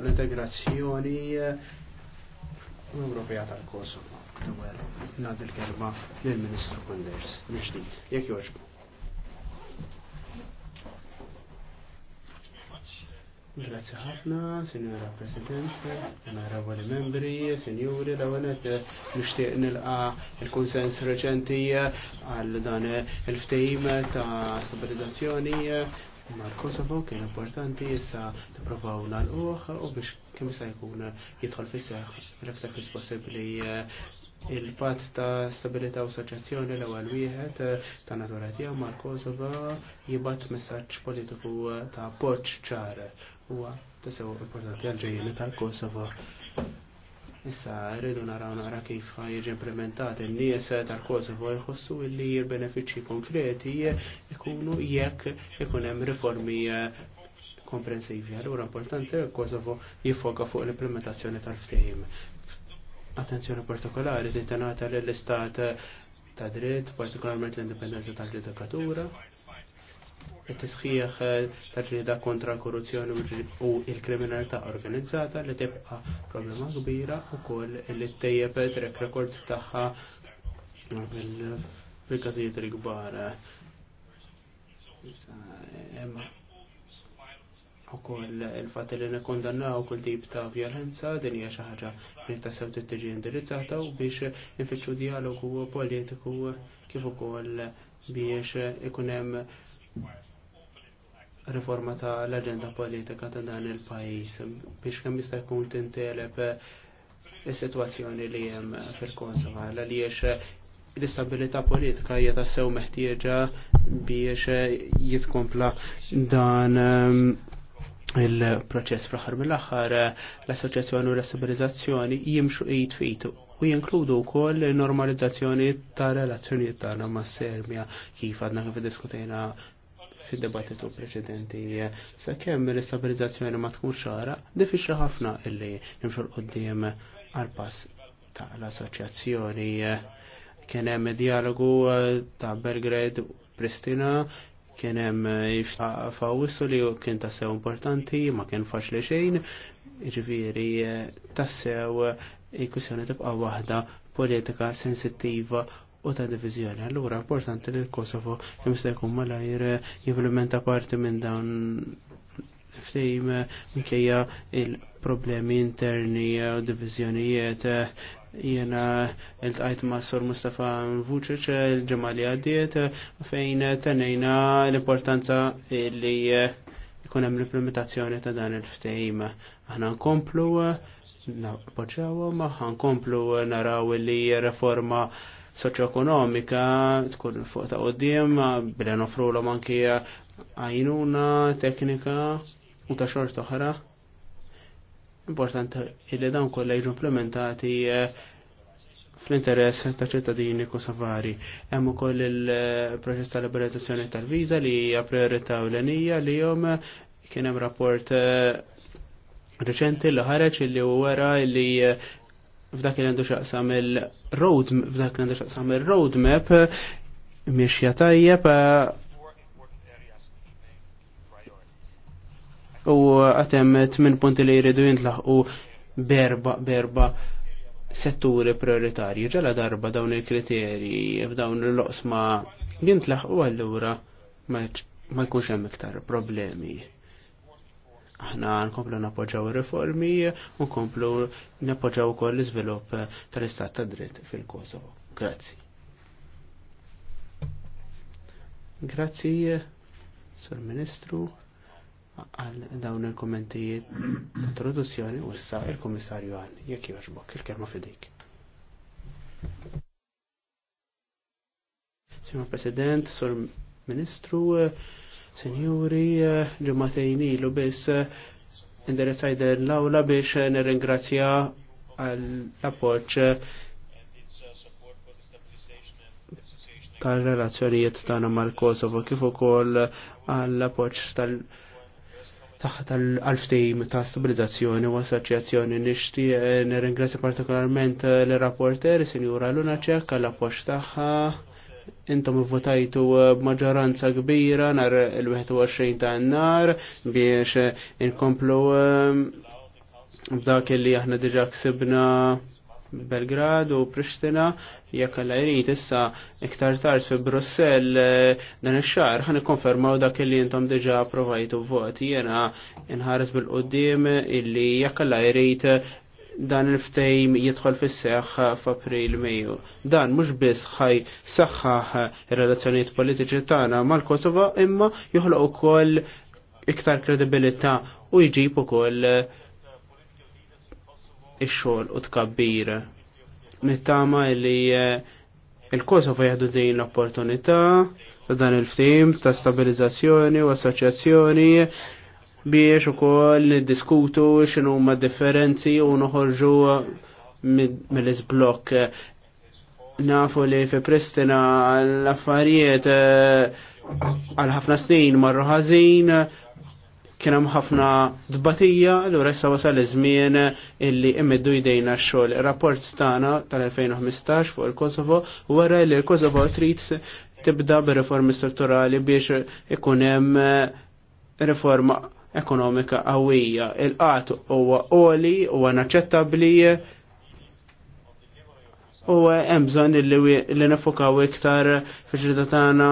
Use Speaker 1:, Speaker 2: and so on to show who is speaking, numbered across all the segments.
Speaker 1: l-integrazzjoni eh, Ewropea tal-Kosovo. L-ewwel ngħaddi l-kelma lill-Ministru Kunders mill-ġdid. Jekk jogħġbu. Grazie ħafna, Sinjora President, onorevoli membri, Sinjuri, da għanet eh, nishtiq nilqa il-konsens reċenti eh, għal dan il-ftejim ta' stabilizzazzjoni Mar Kosovo kien importanti issa tipprovaw nagħlquh u biex kim se jkun jidħol fis seħħ l-aktar fis possibbli eh, il-patt ta' stabilità u soċjazzjoni l-ewwel wieħed eh, ta' natura tiegħu mal Kosovo jibgħat messaġġ politiku eh, ta' appoġġ ċar huwa ta' importanti għal ġejjeni tal-Kosovo. Issa rridu naraw nara kif jiġi implementat in-nies tal-Kosovo jħossu li l-benefiċċji konkreti jkunu jekk ikun hemm riformi eh, komprensivi. Allura importanti l-Kosovo jiffoka fuq l-implementazzjoni tal-ftehim. Attenzjoni partikolari tintenata lill-istat ta' dritt, partikolarment l-indipendenza tal-ġudikatura, it-tisħiħ eh, tal-ġlida kontra l-korruzzjoni u il-kriminalità organizzata li tibqa problema kbira u koll li t-tejjeb trek rekord taħħa fil-kazijiet il-gbar. U koll il-fat li nekondannaw kull tip ta' violenza din hija xi ħaġa li tassew tittiġi indirizzata u biex infittxu dialogu politiku kif ukoll biex ikun hemm riforma ta' l-agenda politika ta' dan il-pajis biex kemm jista' jkun tintelep eh, is-sitwazzjoni li hemm fil-Kosova Għaliex li eh, l-istabilità politika hija tassew meħtieġa biex eh, jitkompla dan il-proċess fl-aħħar mill-aħħar l-assoċjazzjoni u l istabilizzazzjoni jimxu id fitu. u jinkludu wkoll normalizzazzjoni ta' relazzjonijiet tagħna mas-Serbja kif għadna kif diskutejna fid-debattitu preċedenti sakemm l-istabilizzazzjoni ma tkun xara, diffiċli ħafna illi nimxu l-qoddim għal-pass ta' l-assoċjazzjoni. Kien hemm dialogu ta' Belgrade u Pristina, kien hemm fawissu li kien tassew importanti, ma kien faċli xejn, ġifieri tassew il-kwissjoni tibqa' waħda politika sensittiva u ta' divizjoni. Allura importanti li l-Kosovo jimsta jkun malajr jimplementa parti minn dawn ftejm minkejja il-problemi interni u divizjonijiet jena il-tqajt ma' Sor Mustafa Vucic il-ġemali għaddiet fejn tenejna l-importanza li jkun hemm l-implementazzjoni ta' dan il-ftejm. Aħna nkomplu Poċawa maħan komplu naraw li reforma soċjoekonomika tkun fuq ta' qudiem bilen nofru l anki għajnuna teknika u ta' xorta oħra. Importanti illi dawn kollha jiġu implementati eh, fl-interess ta' ċittadini safari. Hemm ukoll il-proċess ta' liberalizzazzjoni tal-viża li hija priorità ewlenija li jom kien hemm rapport eh, reċenti li ħareġ li wara li f'dak li għandu xaqsam il-road f'dak li għandu il-roadmap miexja tajjeb u għatem 8 punti li jridu u berba berba setturi prioritarji ġala darba dawn il-kriterji f'dawn l-loqsma jintlaħqu allura ma jkunx hemm iktar problemi. Aħna nkomplu nappoġġaw ir-riformi u nkomplu nappoġġaw ukoll l-iżvilupp tal-Istat ta' dritt fil-Kosovo. Grazzi. Grazzi, Sur Ministru, għal dawn il-kommenti ta' introduzzjoni u issa il-Kummissarju għal jekk jogħġbok il-kelma fidik. Signor President, Sur Ministru, Sinjuri, eh, ġematejn ilu biss eh, indirizzajder l-awla biex eh, nirringrazzja għall-appoċ tal-relazzjonijiet tagħna mal-Kosovo kif ukoll għall-appoġġ tal- taħt għal ftim ta' stabilizzazzjoni u assoċjazzjoni nir nirringrazzja partikolarment l-rapporter Sinjura Luna ċekka għall-appoġġ tagħha intom votajtu uh, b'maġġoranza kbira nar il-21 ta' nar biex uh, inkomplu um, b'dak li aħna diġa ksibna Belgrad u Pristina jekk la jrid issa iktar tard fi Brussell uh, dan ix-xahar ħan ikkonfermaw dak li intom diġa approvajtu vot jiena inħares bil-qudiem illi jekk la jrid dan il-ftejm jidħol fis seħħ f'April Mejju. Dan mhux biss ħaj saħħaħ ir-relazzjonijiet politiċi tagħna mal-Kosova imma joħloq ukoll iktar kredibilità u jġib ukoll ix-xogħol u tkabbir. Nittama li eh, il-Kosovo jieħdu din l-opportunità ta' dan il-ftim ta' stabilizzazzjoni u assoċjazzjoni biex u koll diskutu xinu ma differenzi u noħorġu mill-izblok. Nafu li fi Pristina l-affarijiet eh, għal ħafna snin marru ħażin kien hemm ħafna dbatija l ressa wasal iż-żmien illi imeddu jdejna x-xogħol. Rapport tagħna tal-2015 fuq il-Kosovo wara li l-Kosovo trid tibda bir-reformi strutturali biex ikun hemm eh, riforma ekonomika qawwija. Il-qat huwa qoli huwa naċċettabbli u hemm bżonn li nifokaw iktar fiċ tagħna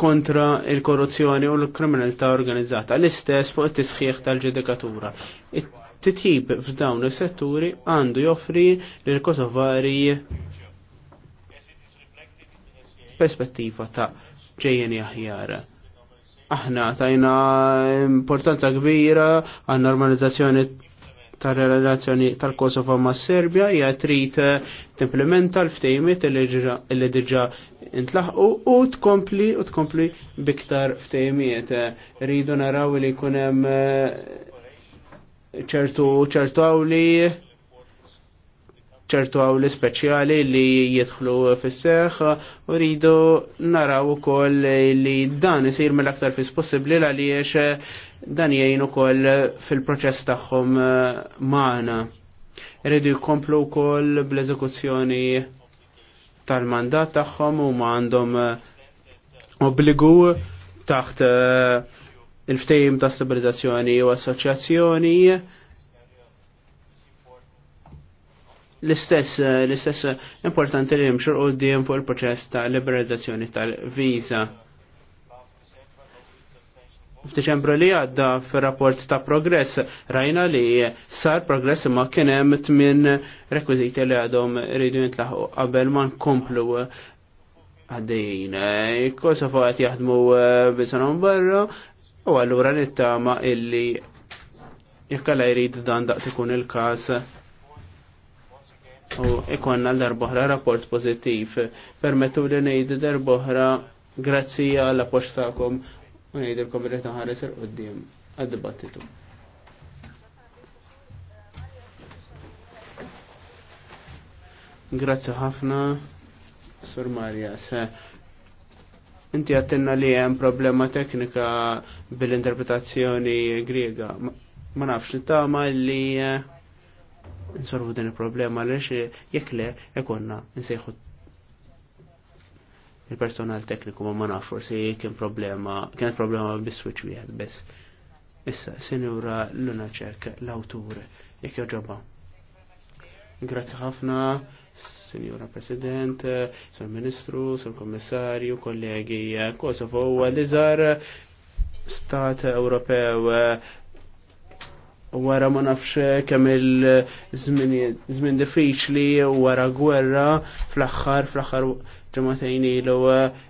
Speaker 1: kontra il-korruzzjoni u l-kriminalità organizzata. L-istess fuq it-tisħiħ tal-ġudikatura. It-titjib f'dawn is-setturi għandu joffri lil kosovari perspettiva ta' ġejjeni aħjar aħna tajna importanza kbira għan normalizzazzjoni tal-relazzjoni tal-Kosovo ma' Serbia hija trid timplementa l-ftejmiet li diġà intlaħqu u tkompli u tkompli biktar ftejmiet. Rridu naraw li jkun hemm ċertu ċertu għawli ċertu għaw l-speċjali li jidħlu fis-seħ u rridu naraw ukoll li dan isir mill-aktar fis possibbli għaliex dan jgħin ukoll fil-proċess tagħhom eh, magħna. Rridu jkomplu wkoll bl-eżekuzzjoni tal-mandat tagħhom u ma għandhom eh, obbligu taħt eh, il-ftejim ta' stabilizzazzjoni u assoċjazzjoni l-istess eh, l-istess importanti li jimxur u d-diem fuq il-proċess ta' liberalizzazzjoni tal-viza. F'Diċembru li għadda fir-rapport ta' progress rajna li sar progress imma kien hemm tmien rekwiżiti li għadhom iridu jintlaħu qabel ma nkomplu għaddejjin. Eh, Kosovo qed jaħdmu eh, bisanhom barra u allura nittama illi jekk alla jrid dan daqs ikun il-każ u ikonna l-darbohra rapport pozittiv. Permettu li nejdi darbohra grazzi għalla poċtakom u nejdi l ħarisir ħares il dim għad-dibattitu. Grazzi ħafna, Sur Marja. Inti għattinna li hemm problema teknika bil-interpretazzjoni griega. Ma nafx, li tama li eh, nsorvu din il-problema għaliex jekk le ikonna nsejħu il-personal tekniku ma naf forsi kien problema, kienet problema bis-switch wieħed biss. Issa, sinjura Luna Ċek, l-awtur, jekk joġoba. Grazzi ħafna, Sinjura President, Sur Ministru, Sur Kommissarju, kollegi, Kosovo, l-iżar Stat Ewropew wara ma nafx kemm il-żmien diffiċli wara gwerra fl-aħħar fl-aħħar ġematejn ilu eh,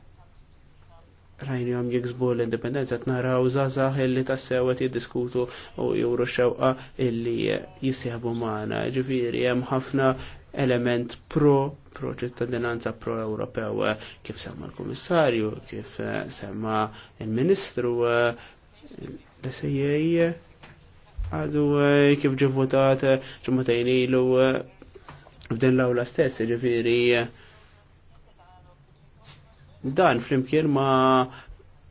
Speaker 1: rajni jiksbu l-indipendenza t-naraw zazah illi tassewet jiddiskutu u juru xewqa illi jisjabu maħna. Ġifiri, jem ħafna element pro, pro ċittadinanza pro-Ewropew, eh, kif semma l-Komissarju, kif eh, semma il-Ministru, l-SEJ, għadu eh, kif ġivvotat ġumutajn eh, ilu b'den eh, l-awla stess, ġifiri dan flimkien ma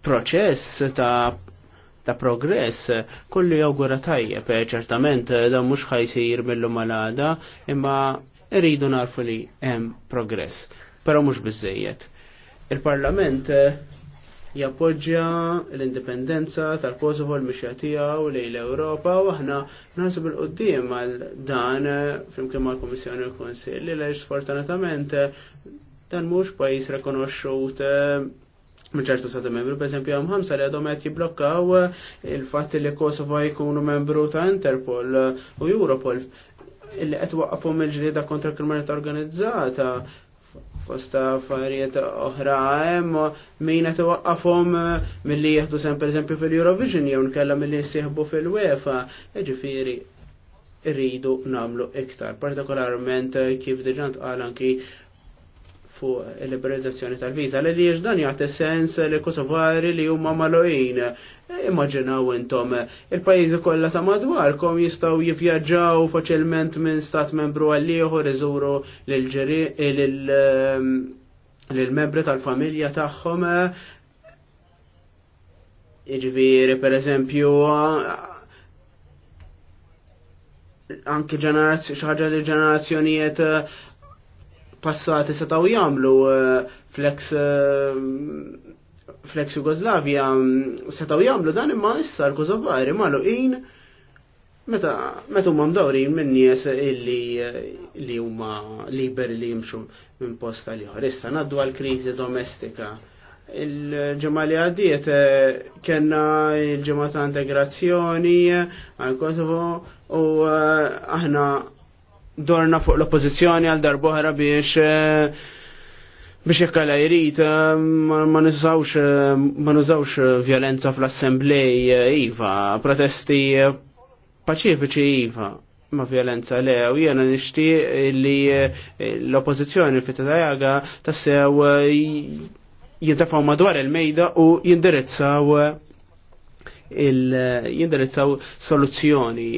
Speaker 1: proċess ta' ta' progress kollu jawgura tajjeb, ċertament dan mhux ħajsir mill malada, imma rridu narfu li hemm progress, però mhux bizzejiet Il-Parlament jappoġġja l-indipendenza tal-Kosovo l-mixja tiegħu lejn l-Ewropa u aħna nasib il-qudiem għal dan eh, flimkien mal-Kummissjoni u l-Kunsill li leġ sfortunatament eh, dan mhux pajjiż rekonosċut eh, ċertu Sata membru, per esempio, għam ħamsa li għadhom għet jiblokkaw il-fat li Kosovo jkunu membru ta' Interpol u Europol li qed waqafhom mill ġlieda kontra kriminalità organizzata Fosta affarijiet oħra hemm min qed eh, milli jieħdu sem pereżempju fil-Eurovision jew nkella milli jsieħbu fil-UEFA. Jiġifieri rridu nagħmlu iktar, partikolarment eh, kif diġà tqal anki fuq il-liberalizzazzjoni tal-viza. Li li dan jagħti sens li kosovari li huma malojin. E, immaġinaw intom, il-pajjiżi kollha ta' madwarkom jistgħu jivjaġġaw faċilment minn stat membru għal ieħor iżuru lill-membri ehm, tal-familja tagħhom. per pereżempju anki ġenerazzjoni xaġa ħaġa li ġenerazzjonijiet passati setaw jagħmlu eh, flex eh, flex Jugoslavia mm, setaw jagħmlu dan imma issa l-Kosovari malu in meta meta huma mdawrin minn nies illi eh, li huma liberi li jimxu minn posta tal ieħor. Issa ngħaddu għal kriżi domestika. il ġemali li għaddiet kena il ġemata ta' integrazzjoni għal Kosovo u aħna dorna fuq l-oppozizjoni għal darbohra biex eh, biex jekkala jrid eh, ma nużawx eh, ma nużawx violenza fl-assemblej iva, protesti paċifiċi iva ma violenza le u jena nishti li l-oppozizjoni fit tajaga tassew jintafaw madwar il-mejda u jindirizzaw il jindirizzaw soluzzjoni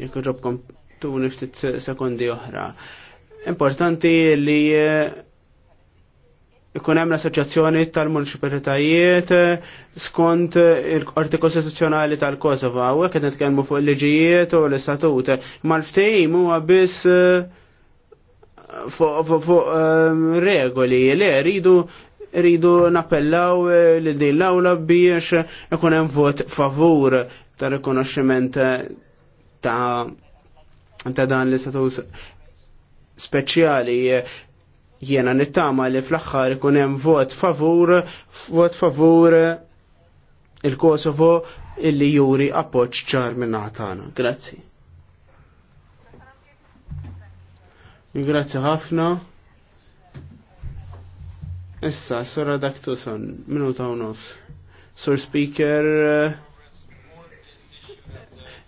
Speaker 1: jekk ġobkom tu ftit sekondi oħra. Importanti li eh, ikun hemm l-assoċjazzjoni tal-municipalitajiet eh, skont il-qorti kostituzzjonali tal-Kosova u hekk qed nitkellmu fuq il-liġijiet u l-istatut. Mal-ftehim huwa biss eh, fuq regoli li rridu rridu nappellaw li din l-awla biex ikun hemm vot favur tar-rikonoxximent ta' ta' dan li istatus speċjali jiena nittama li fl-axħar ikun hemm vot favur, vot favur il-Kosovo illi juri appoġġ ċar minna tagħna. Grazzi. Grazzi ħafna. Issa, sora daktuson, minuta u nofs. Sur speaker,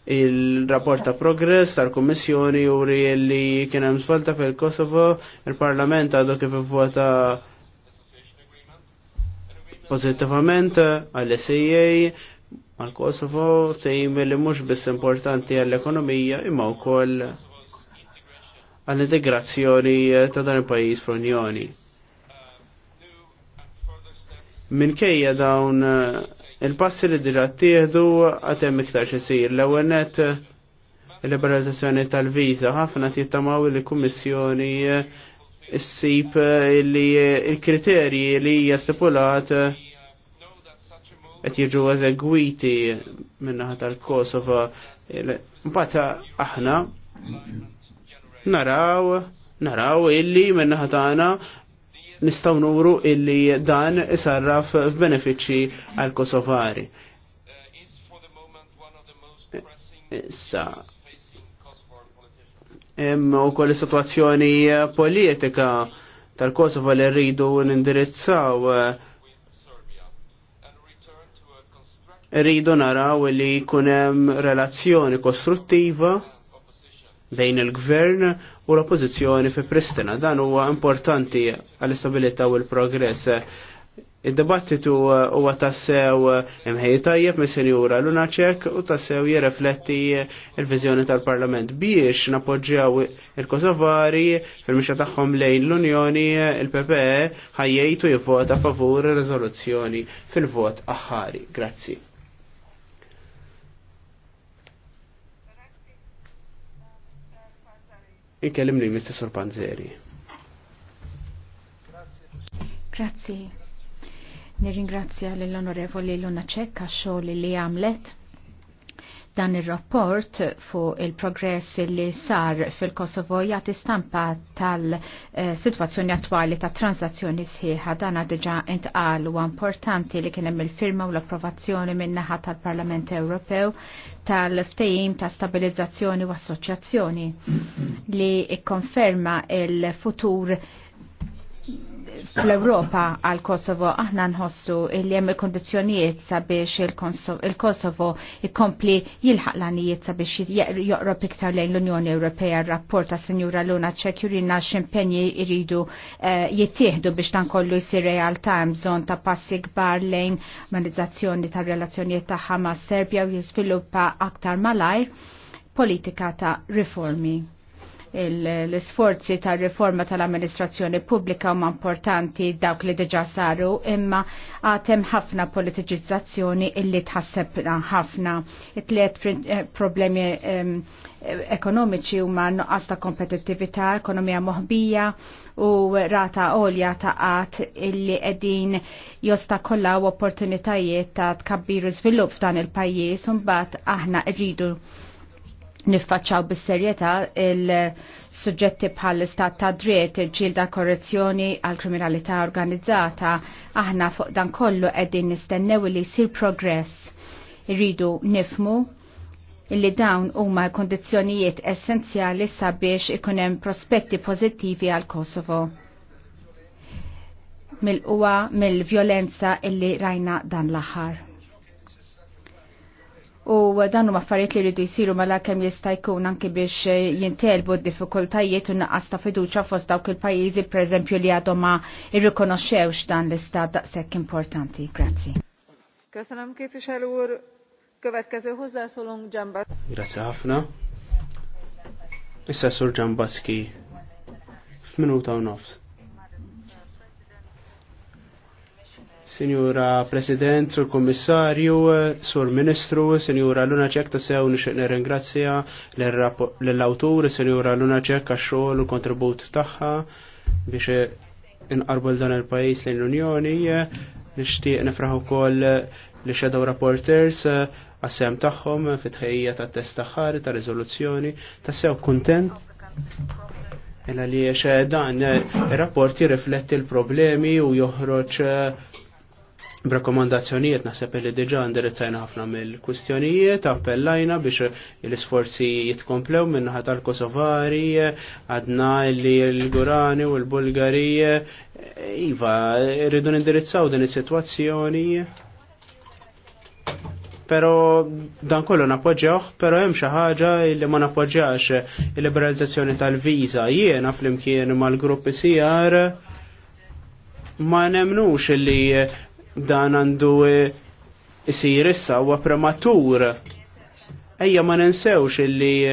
Speaker 1: il-rapport ta' progress tal-Kummissjoni u li kien hemm svolta fil-Kosovo, il-Parlament għadu kif vota pozittivament għall-SEA, għal-Kosovo, tejm li mhux biss importanti għall-ekonomija imma wkoll għall-integrazzjoni ta' dan il-pajjiż fl-Unjoni. Minkejja dawn Il-passi li diġa tieħdu għatem iktar xisir. L-ewwel il-liberalizzazzjoni tal-viża ħafna t-jittamaw il-Kummissjoni eh, issib eh, li eh, il-kriterji li hija stipulat qed jiġu eżegwiti minnaħa tal-Kosova. Mbagħad aħna naraw naraw illi minnaħa tagħna nistaw nuru illi dan isarraf f'benefiċċji għal kosovari. Issa, hemm ukoll is-sitwazzjoni politika tal-Kosovo li rridu nindirizzaw rridu naraw li jkun hemm relazzjoni kostruttiva bejn il-gvern u l-oppozizjoni fi Pristina. Dan huwa importanti għall-istabilità u l-progress. Id-dibattitu huwa tassew imħej tajjeb mis senjura Lunaċek u tassew jirrefletti il-viżjoni tal-Parlament biex napoġġjaw il-Kosovari fil mixa tagħhom lejn l-Unjoni il-PPE ħajjejtu jivvota favur ir-riżoluzzjoni fil-vot aħħari. Grazzi. Ikkellim li Mr. Sur Grazie.
Speaker 2: Grazzi. Nirringrazzja l-onorevoli Luna Ċekka xogħol li għamlet Dan ir-rapport fuq il-progress li sar fil-Kosovo jagħti stampa tal-sitwazzjoni eh, attwali ta' transazzjoni sħiħa dan diġa' intqal u importanti li kien hemm il-firma u l-approvazzjoni min-naħa tal-Parlament Ewropew tal-ftehim ta' stabilizzazzjoni u assoċjazzjoni li ikkonferma il-futur fl-Europa għal Kosovo aħna nħossu li hemm il-kondizzjonijiet sabiex il-Kosovo jkompli jilħaq l-għanijiet sabiex joqrob iktar lejn l-Unjoni Ewropea rapport ta' Sinjura Luna ċek jurina ximpenji iridu eh, jittieħdu biex dan kollu jsir real time zon ta' passi kbar lejn manizzazzjoni ta' relazzjonijiet tagħha Hamas Serbja u jiżviluppa aktar malajr politika ta' riformi l-sforzi tal riforma tal-amministrazzjoni pubblika huma importanti dawk li diġà saru imma għatem ħafna politiċizzazzjoni illi tħasseb ħafna. It-tliet eh, problemi ekonomiċi huma nuqqas ta' kompetittività, ekonomija moħbija u rata olja ta' għat illi edin u opportunitajiet ta' tkabbiru żvilupp f'dan il-pajjiż u mbagħad aħna rridu niffaċċaw bis-serjetà il-suġġetti bħal istat ta' dritt, ġilda korrezzjoni għal kriminalità organizzata, aħna fuq dan kollu qegħdin nistennew li jsir progress. Irridu nifmu illi dawn huma kondizzjonijiet essenzjali sabiex ikun hemm prospetti pożittivi għal Kosovo mill-qwa mill-vjolenza illi rajna dan l-aħħar. U dan huma affarijiet li jridu jsiru mela kemm jista' jkun anki biex eh, jintelbu d-diffikultajiet u naqqas ta' fiduċja fost dawk il-pajjiżi pereżempju li għadhom ma irrikonoxxewx dan l-istat daqshekk importanti. Grazzi. Köszönöm képviselő úr. Következő hozzászólunk ġamba.
Speaker 1: Grazie ħafna. Issa sur Ġambaski. F'minuta u nofs. Signora President, Sur Kommissarju, Sur Ministru, Signora Luna Ċek ta' sew nixtieq nirringrazzja l autur Signora Luna Ċek għax-xogħol u kontribut tagħha biex inqarbu dan il-pajjiż lejn l-Unjoni. Nixtieq nifraħu ukoll li Shadow Reporters għas taħħom tagħhom fit tat-test taħħari ta' Rizoluzzjoni, ta' sew kuntent. li dan ir-rapport jirrifletti l-problemi u joħroċ B'rakkomandazzjonijiet naħseb li diġa indirizzajna ħafna mill-kwistjonijiet, appellajna biex l-isforzi jitkomplew minnaħa tal-Kosovari, għadna li l-Gurani u l-Bulgarije. Iva, rridu nindirizzaw din is-sitwazzjoni. Pero dan kollu napoġġjawh, pero hemm xi ħaġa li ma napoġġjax il-liberalizzazzjoni tal-viża. Jiena flimkien mal-gruppi CR ma nemnux li dan għandu jisir e, issa huwa prematur. Ejja ma nensewx illi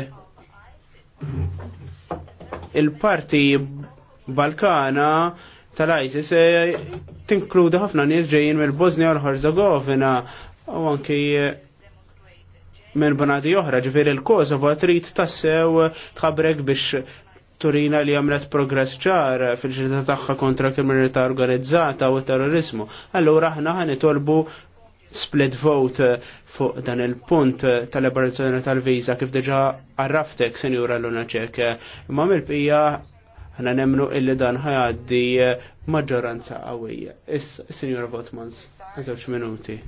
Speaker 1: il-parti Balkana tal-ISIS e, tinkludi ħafna nies ġejjin mill-Bosnia u l-Herzegovina u anki e, minn banati oħra ġifir il kosovo trid tassew tħabrek biex turina li għamlet progress ċar fil-ġrida tagħha kontra kriminalità organizzata u terrorizmu. Allura aħna ħan itolbu split vote fuq dan il-punt tal-abolizzjoni tal-viza kif diġa għarraftek senjura l-una ċek. Ma mill-pija ħana nemnu illi dan ħajaddi maġġoranza qawwija. Is, senjura Votmans, għazawċ minuti.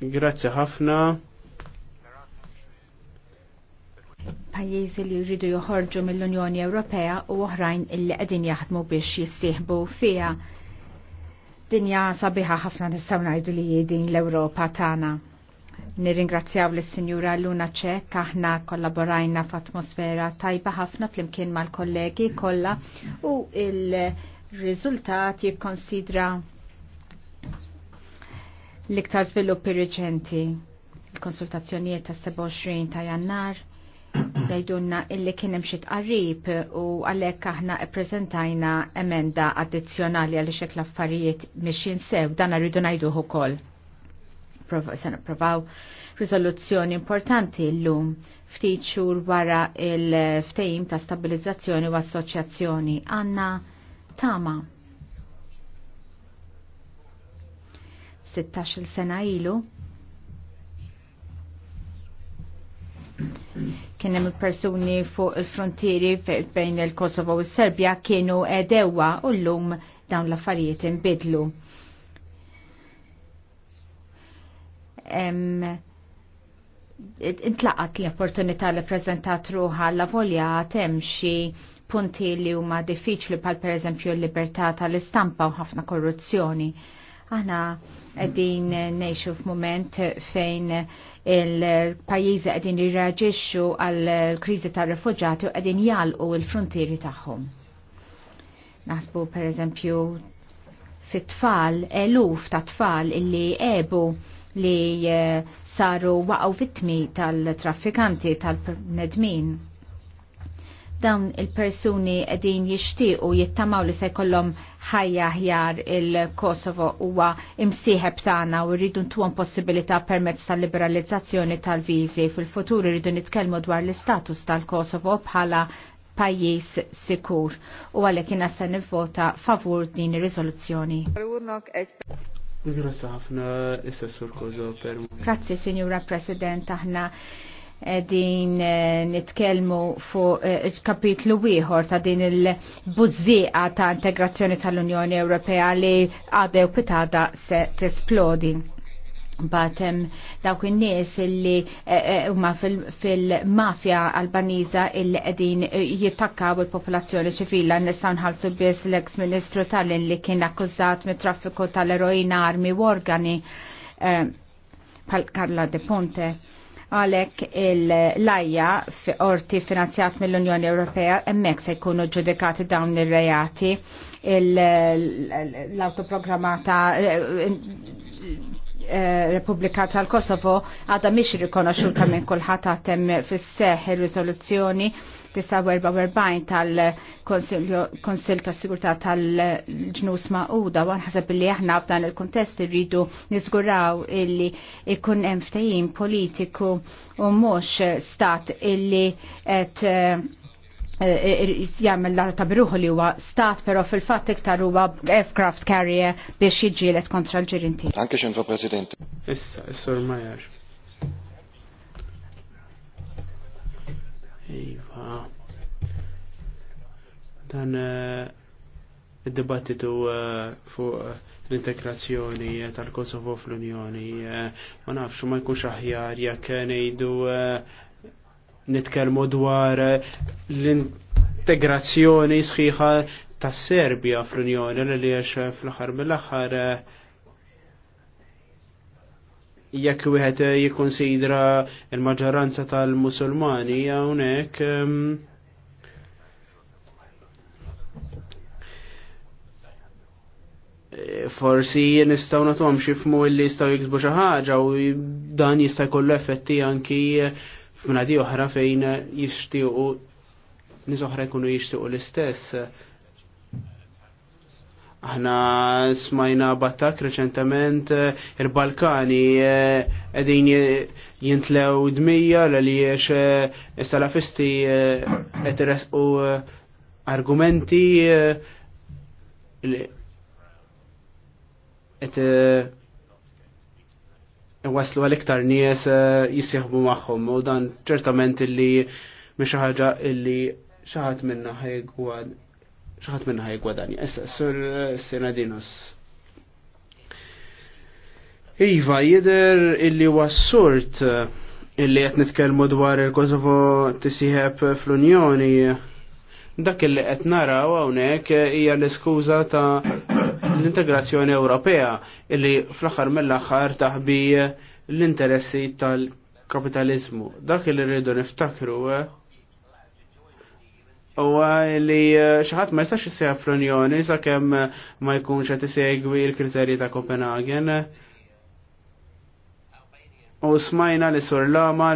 Speaker 1: Grazie ħafna.
Speaker 2: Pajjiżi li jridu joħorġu mill-Unjoni Ewropea u oħrajn illi qegħdin jaħdmu biex jissieħbu fiha. Dinja sabiħa ħafna nistgħu ngħidu li din l-Ewropa tagħna. Nirringrazzjaw lis sinjura Luna Ċek, aħna kollaborajna f'atmosfera tajba ħafna flimkien mal-kollegi kollha u il-riżultat jikkonsidra l-iktar sviluppi reċenti il-konsultazzjonijiet ta' 27 ta' jannar dajdunna illi hemm xi qarrib u għalhekk aħna prezentajna emenda addizjonali għalli xek laffarijiet miexin sew dan rridu najdu ukoll. kol. Sen provaw rizoluzzjoni importanti l-lum ftit xhur wara il-ftejim ta' stabilizzazzjoni u assoċjazzjoni għanna tama. 16 sena ilu Kienem persuni fuq il-frontieri bejn il-Kosovo u s-Serbja kienu edewa u l-lum dawn l-affarijiet imbidlu. Intlaqat l-opportunità li prezentat ruħa la volja għatem punti li huma diffiċli pal per eżempju l-libertà tal-istampa u ħafna korruzzjoni Aħna qegħdin ngħixu f'mument fejn il-pajjiżi qegħdin jirraġixxu għall-kriżi tar-refuġati u qegħdin jalqu il frontieri tagħhom. Naħsbu pereżempju fit-tfal, eluf ta' tfal illi ebu li eh, saru waqgħu vittmi tal-traffikanti tal-nedmin dawn il-persuni edin u jittamaw li se ħajja ħjar il-Kosovo huwa imsieħeb tagħna u rridu ntuhom possibilità permezz tal-liberalizzazzjoni tal-viżi fil-futur irridu nitkellmu dwar l-istatus tal-Kosovo bħala pajjiż sikur u għalhekk jiena se nivvota favur din ir-riżoluzzjoni. Grazie ħafna, Grazzi, Signora President, aħna din eh, nitkelmu fuq eh, kapitlu wieħor ta' din il-bużieqa ta' integrazzjoni tal-Unjoni Ewropea li għadew pitada se tesplodi batem dawk in-nies illi eh, huma fil-mafja albaniża illi qegħdin jittakkaw il-popolazzjoni ċivila nistgħu nħallsu biss l-eks Ministru tal-in li kien akkużat mit traffiku tal-eroina armi u organi bħal Karla De Ponte għalek il-lajja fi orti finanzjat mill-Unjoni Ewropea emmek se jkunu ġudikati dawn il-rejati l-autoprogrammata eh, Repubblika tal-Kosovo għada miex rikonoxuta minn kullħat għatem fis seħi il 1944 tal-Konsil ta' Sigurtà tal-Ġnus Ma'uda u nħaseb li aħna f'dan il-kontest irridu niżguraw illi ikun hemm ftehim politiku u mhux stat illi qed eh, jgħamil l ta' biruħu li huwa stat, però fil-fatt iktar huwa aircraft carrier biex jiġġielet kontra l-ġirinti. Anke xentra President. Issa, issa Majer. Iva.
Speaker 1: Dan eh, id-dibattitu eh, fuq eh, l-integrazzjoni tal-Kosovo fl-Unjoni ma nafx ma jkunx aħjar jekk ngħidu nitkellmu dwar l-integrazzjoni sħiħa tas-Serbja fl-Unjoni li għax fl-aħħar mill-aħħar jekk wieħed jikkonsidra l-maġġoranza tal-Musulmani hawnhekk ehm, forsi nistgħu nagħtuhom xi fmu li jistgħu jiksbu xi ħaġa u dan jista' jkollu effetti anki f'mnadi oħra fejn jixtiequ nies oħra jkunu jixtiequ l-istess. Aħna smajna battak reċentament eh, il-Balkani eh, edin jintlew dmija l jiex eh, salafisti u argumenti et waslu għal-iktar nies jisieħbu maħħum u dan ċertament illi miex ħaġa illi xaħat minna ħajgwad xaħat minna ħaj għadani. Issa, sur eh, Senadinos. Iva, jider illi wassurt eh, illi qed nitkellmu dwar il-Kosovo tisieħeb fl-Unjoni. Dak illi qed naraw hawnhekk eh, hija l-iskuża ta' l-integrazzjoni Ewropea illi fl-aħħar mill-aħħar taħbi l-interessi tal-kapitalizmu. Dak illi rridu niftakru u li eh, xaħat ma jistax jissija fl-Unjoni sakemm eh, ma jkunx qed isegwi l-kriterji ta' Copenhagen. U smajna li sur Lama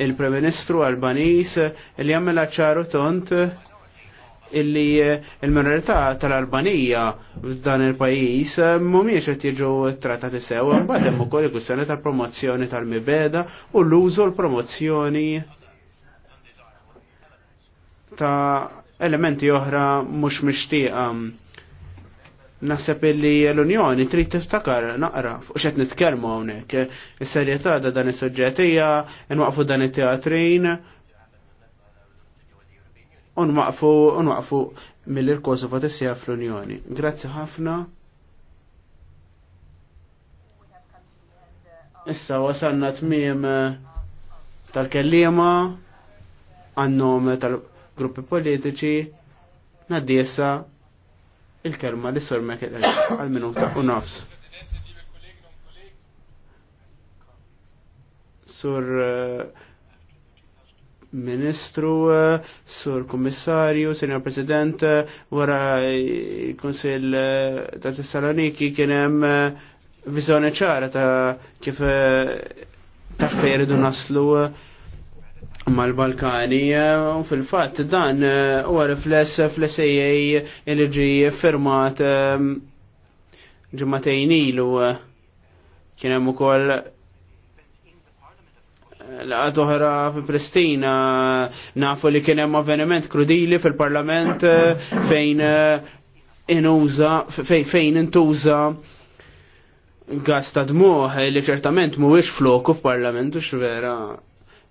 Speaker 1: il-Prem-Ministru Albanis li jagħmel ċaru tont illi eh, il-minorità tal-Albanija f'dan il-pajis mhumiex qed jiġu trattati sew, imbagħad hemm ukoll il-kwistjoni tal-promozzjoni tal-mibeda u l-użu l-promozzjoni ta' elementi oħra mhux mixtieqa. Naħseb illi l-Unjoni trid tiftakar naqra fuq x'qed nitkellmu hawnhekk. Is-serjetà da dan is suġġettija hija nwaqfu dan it-teatrin u nwaqfu u nwaqfu mill-Kosovo tissija fl-Unjoni. Grazzi ħafna. Issa wasalna tmiem tal-kellima għannom tal-, -kellima, tal gruppi politiċi naddiesa il-kelma li sor meket għal-minuta u nofs. Sur eh, Ministru, eh, Sur Kommissarju, Senjor President, eh, wara il-Konsil ta' Tessaloniki kienem vizjoni ċara ta' kif ta' fejridu naslu mal-Balkani eh, u fil-fatt dan eh, u rifless fl-SAA li ġi firmat eh, ġimmatejn ilu kien hemm ukoll laqgħa oħra fi Pristina nafu li kien hemm avveniment krudili fil-Parlament fejn inuża fejn intuża gas ta' dmuħ li ċertament mhuwiex floku f'Parlament u x'vera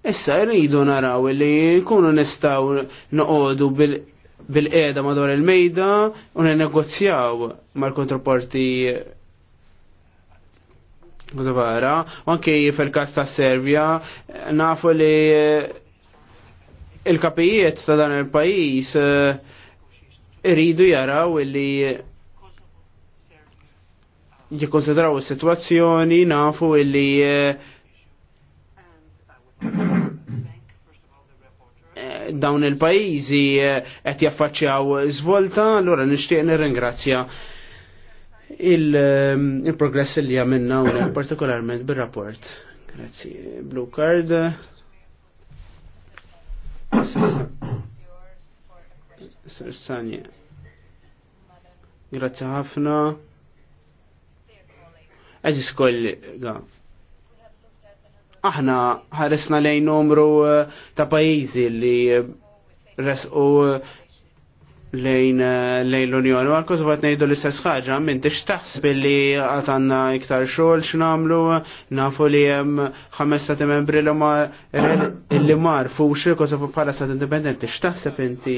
Speaker 1: Issa rridu naraw li jkunu nistaw noqodu bil-qeda bil madwar il-mejda u negozjaw mal-kontraparti Għazavara, anke fil-kas ta' serbja nafu li il-kapijiet ta' dan il-pajis eh, irridu jaraw li jikonsidraw il-situazzjoni, nafu li uh, dawn il-pajizi eh, qed jaffaċċjaw żvolta, allura nixtieq nirringrazzja eh, il-progress il li għamilna u partikolarment bir-rapport. Grazzi. Blue card. Sir Grazzi ħafna. Eżis kollega aħna ħaresna lejn numru eh, ta' pajjiżi li eh, resqu eh, lejn lejn l-Unjoni. Għal kosba ngħidu l-istess ħaġa, minn tix billi li għatanna iktar xogħol x'namlu, nafu li hemm ħames stati membri li ma li il x'kosba bħala stat indipendenti, x'taħseb inti?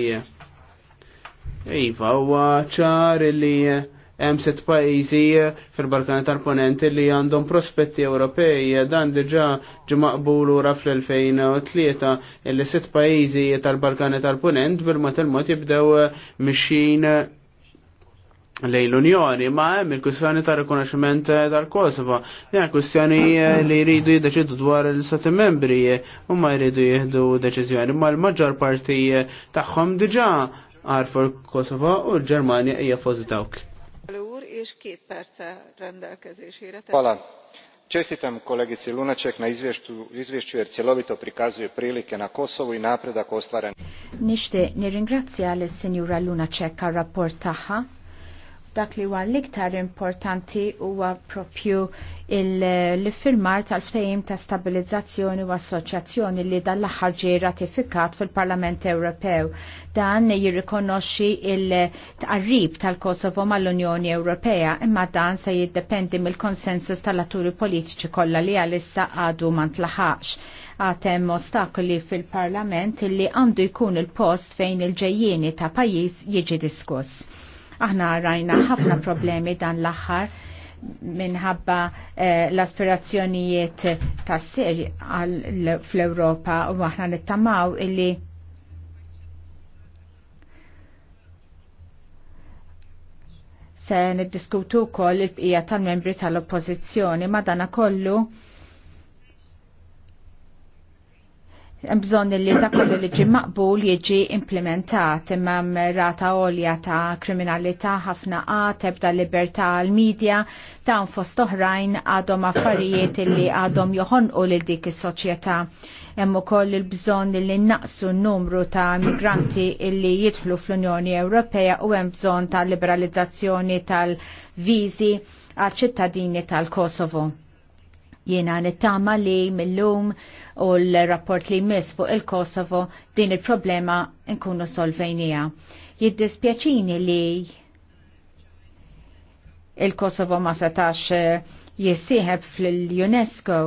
Speaker 1: Iva, huwa ċar li hemm sitt pajjiżi fil balkani tal ponenti li għandhom prospetti Ewropej dan diġà ġi maqbul ura fl-2003 illi sitt pajjiżi tal balkani tal-Ponent bil-mod il-mod jibdew mixin lejn l-Unjoni, ma hemm il-kwistjoni ta' rikonoxximent tal-Kosova. Hija kwistjoni li jridu jiddeċidu dwar il sati membri u ma jridu jieħdu deċiżjoni, ma l-maġġor parti tagħhom diġà għarfu l-Kosova u l-Ġermanja hija fost dawk.
Speaker 3: Čestitam kolegici lunacek na izvješću jer cjelovito prikazuje prilike na kosovu i napredak ostvaren.
Speaker 2: nixtieq nirringrazzja lis sinjura lunacek għar-rapport tagħha dak li huwa l-iktar importanti huwa propju l-firmar tal-ftehim ta' stabilizzazzjoni u assoċjazzjoni li dan l-aħħar ġie ratifikat fil-Parlament Ewropew. Dan jirrikonoxxi il-tqarrib tal-Kosovo mal-Unjoni Ewropea imma dan se jiddependi mill-konsensus tal-atturi politiċi kollha li għalissa għadu ma ntlaħax għatem ostakoli fil-parlament li għandu jkun il-post fejn il ġejjeni ta' pajis jieġi diskuss. Aħna rajna ħafna problemi dan l-aħħar minħabba eh, l-aspirazzjonijiet ta' sir fl-Europa u aħna nittamaw illi se niddiskutu kol il-bqija tal-membri tal-oppozizjoni ma dana kollu Mbżon li ta' kollu li ġi maqbul jiġi implementat imam rata olja ta' kriminalità ħafna qat ebda libertà għal media ta' fost oħrajn għadhom affarijiet li għadhom joħonqu lil dik is-soċjetà. Hemm ukoll il bżon li naqsu n-numru ta' migranti li jidħlu fl-Unjoni Ewropea u hemm bżonn ta' liberalizzazzjoni tal-viżi għal ċittadini tal-Kosovo. Jiena nittama li mill-lum u l-rapport li jmiss fuq il-Kosovo din il-problema nkunu solvejnija. Jiddispjaċini li il-Kosovo ma setax eh, jissieħeb fl-UNESCO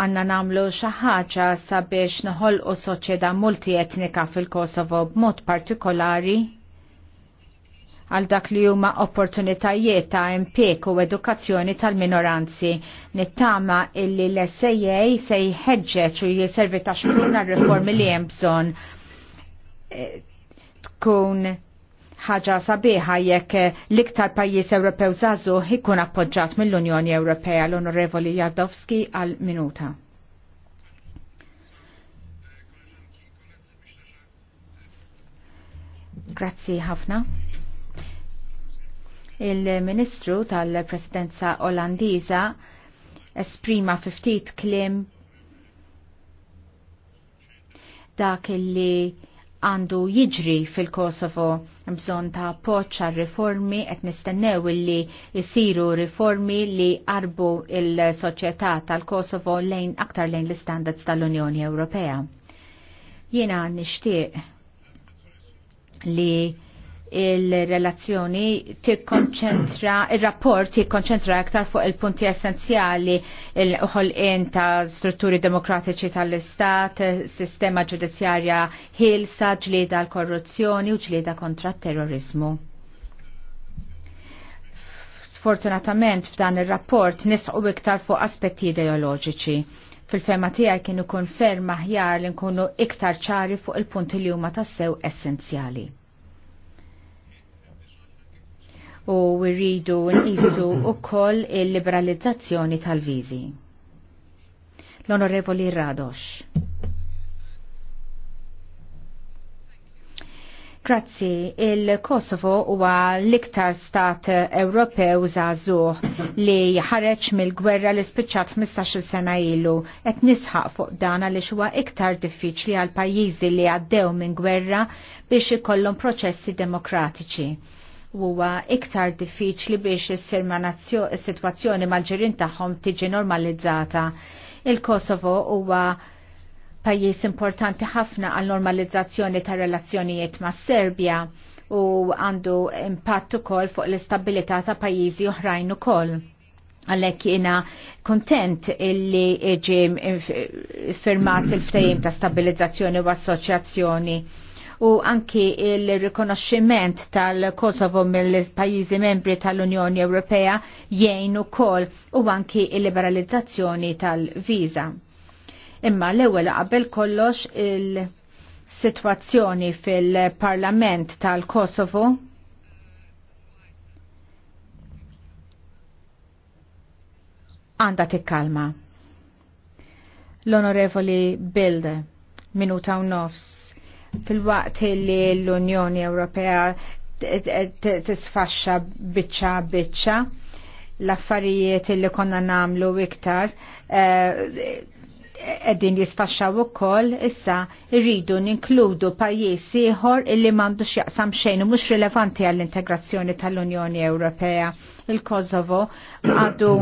Speaker 2: għanna namlu xaħġa sabiex u soċjetà multietnika fil-Kosovo b'mod partikolari għal dak li huma opportunitajiet ta' impjeku u edukazzjoni tal-minoranzi. Nittama illi l-SAA se jħeġġeġ u jiservi ta' xkuna riformi li hemm bżonn e, tkun ħaġa sabiħa jekk l-iktar pajjiż Ewropew zazu ikun appoġġjat mill-Unjoni Ewropea l-Onorevoli Jadowski għal minuta. Grazzi ħafna. Il-Ministru tal-Presidenza Olandiża esprima ftit kliem dak li għandu jiġri fil-Kosovo bżon ta' poċ riformi qed nistennew li jisiru riformi li arbu il-soċjetà tal-Kosovo lejn aktar lejn l-istandards tal-Unjoni Ewropea. Jiena nixtieq li il-relazzjoni tikkonċentra, il-rapport tikkonċentra aktar fuq il-punti essenzjali il-ħolqien ta' strutturi demokratiċi tal-Istat, sistema ġudizzjarja ħilsa, ġlieda l-korruzzjoni u ġlieda kontra terrorizmu sfortunatament f'dan ir-rapport nisqu iktar fuq aspetti ideoloġiċi. Fil-fema tiegħi kienu konferma ħjar aħjar li nkunu iktar ċari fuq il-punti li huma tassew essenzjali u rridu nqisu wkoll il-liberalizzazzjoni tal-viżi. L-Onorevoli Radosh. Grazzi, il-Kosovo huwa l-iktar stat Ewropew żagħżugħ li ħareġ mill-gwerra li spiċċat 15-il sena ilu qed nisħaq fuq dan għaliex huwa iktar diffiċli għal pajjiżi li għaddew minn gwerra biex ikollhom proċessi demokratiċi huwa iktar diffiċli biex is-sitwazzjoni mal-ġirin tagħhom tiġi normalizzata. Il-Kosovo huwa pajjiż importanti ħafna għal normalizzazzjoni ta' relazzjonijiet ma' Serbja u għandu impatt ukoll fuq l-istabilità ta' pajjiżi oħrajn ukoll. Għalhekk jiena kontent illi ġie firmat il-ftajim ta' stabilizzazzjoni u assoċjazzjoni u anki il-rikonoxximent tal-Kosovo mill-pajjiżi membri tal-Unjoni Ewropea jgħin ukoll u anki il-liberalizzazzjoni tal viza Imma l-ewwel qabel kollox il-sitwazzjoni fil-Parlament tal-Kosovo għanda tikkalma. L-Onorevoli Bilde, minuta u nofs fil-waqt li l-Unjoni Ewropea tisfaxxa biċċa biċċa l-affarijiet li konna namlu iktar qegħdin eh, jisfaxxaw ukoll issa rridu ninkludu pajjiż ieħor illi m'għandux jaqsam xejn u mhux rilevanti għall-integrazzjoni tal-Unjoni Ewropea. Il-Kosovo għadu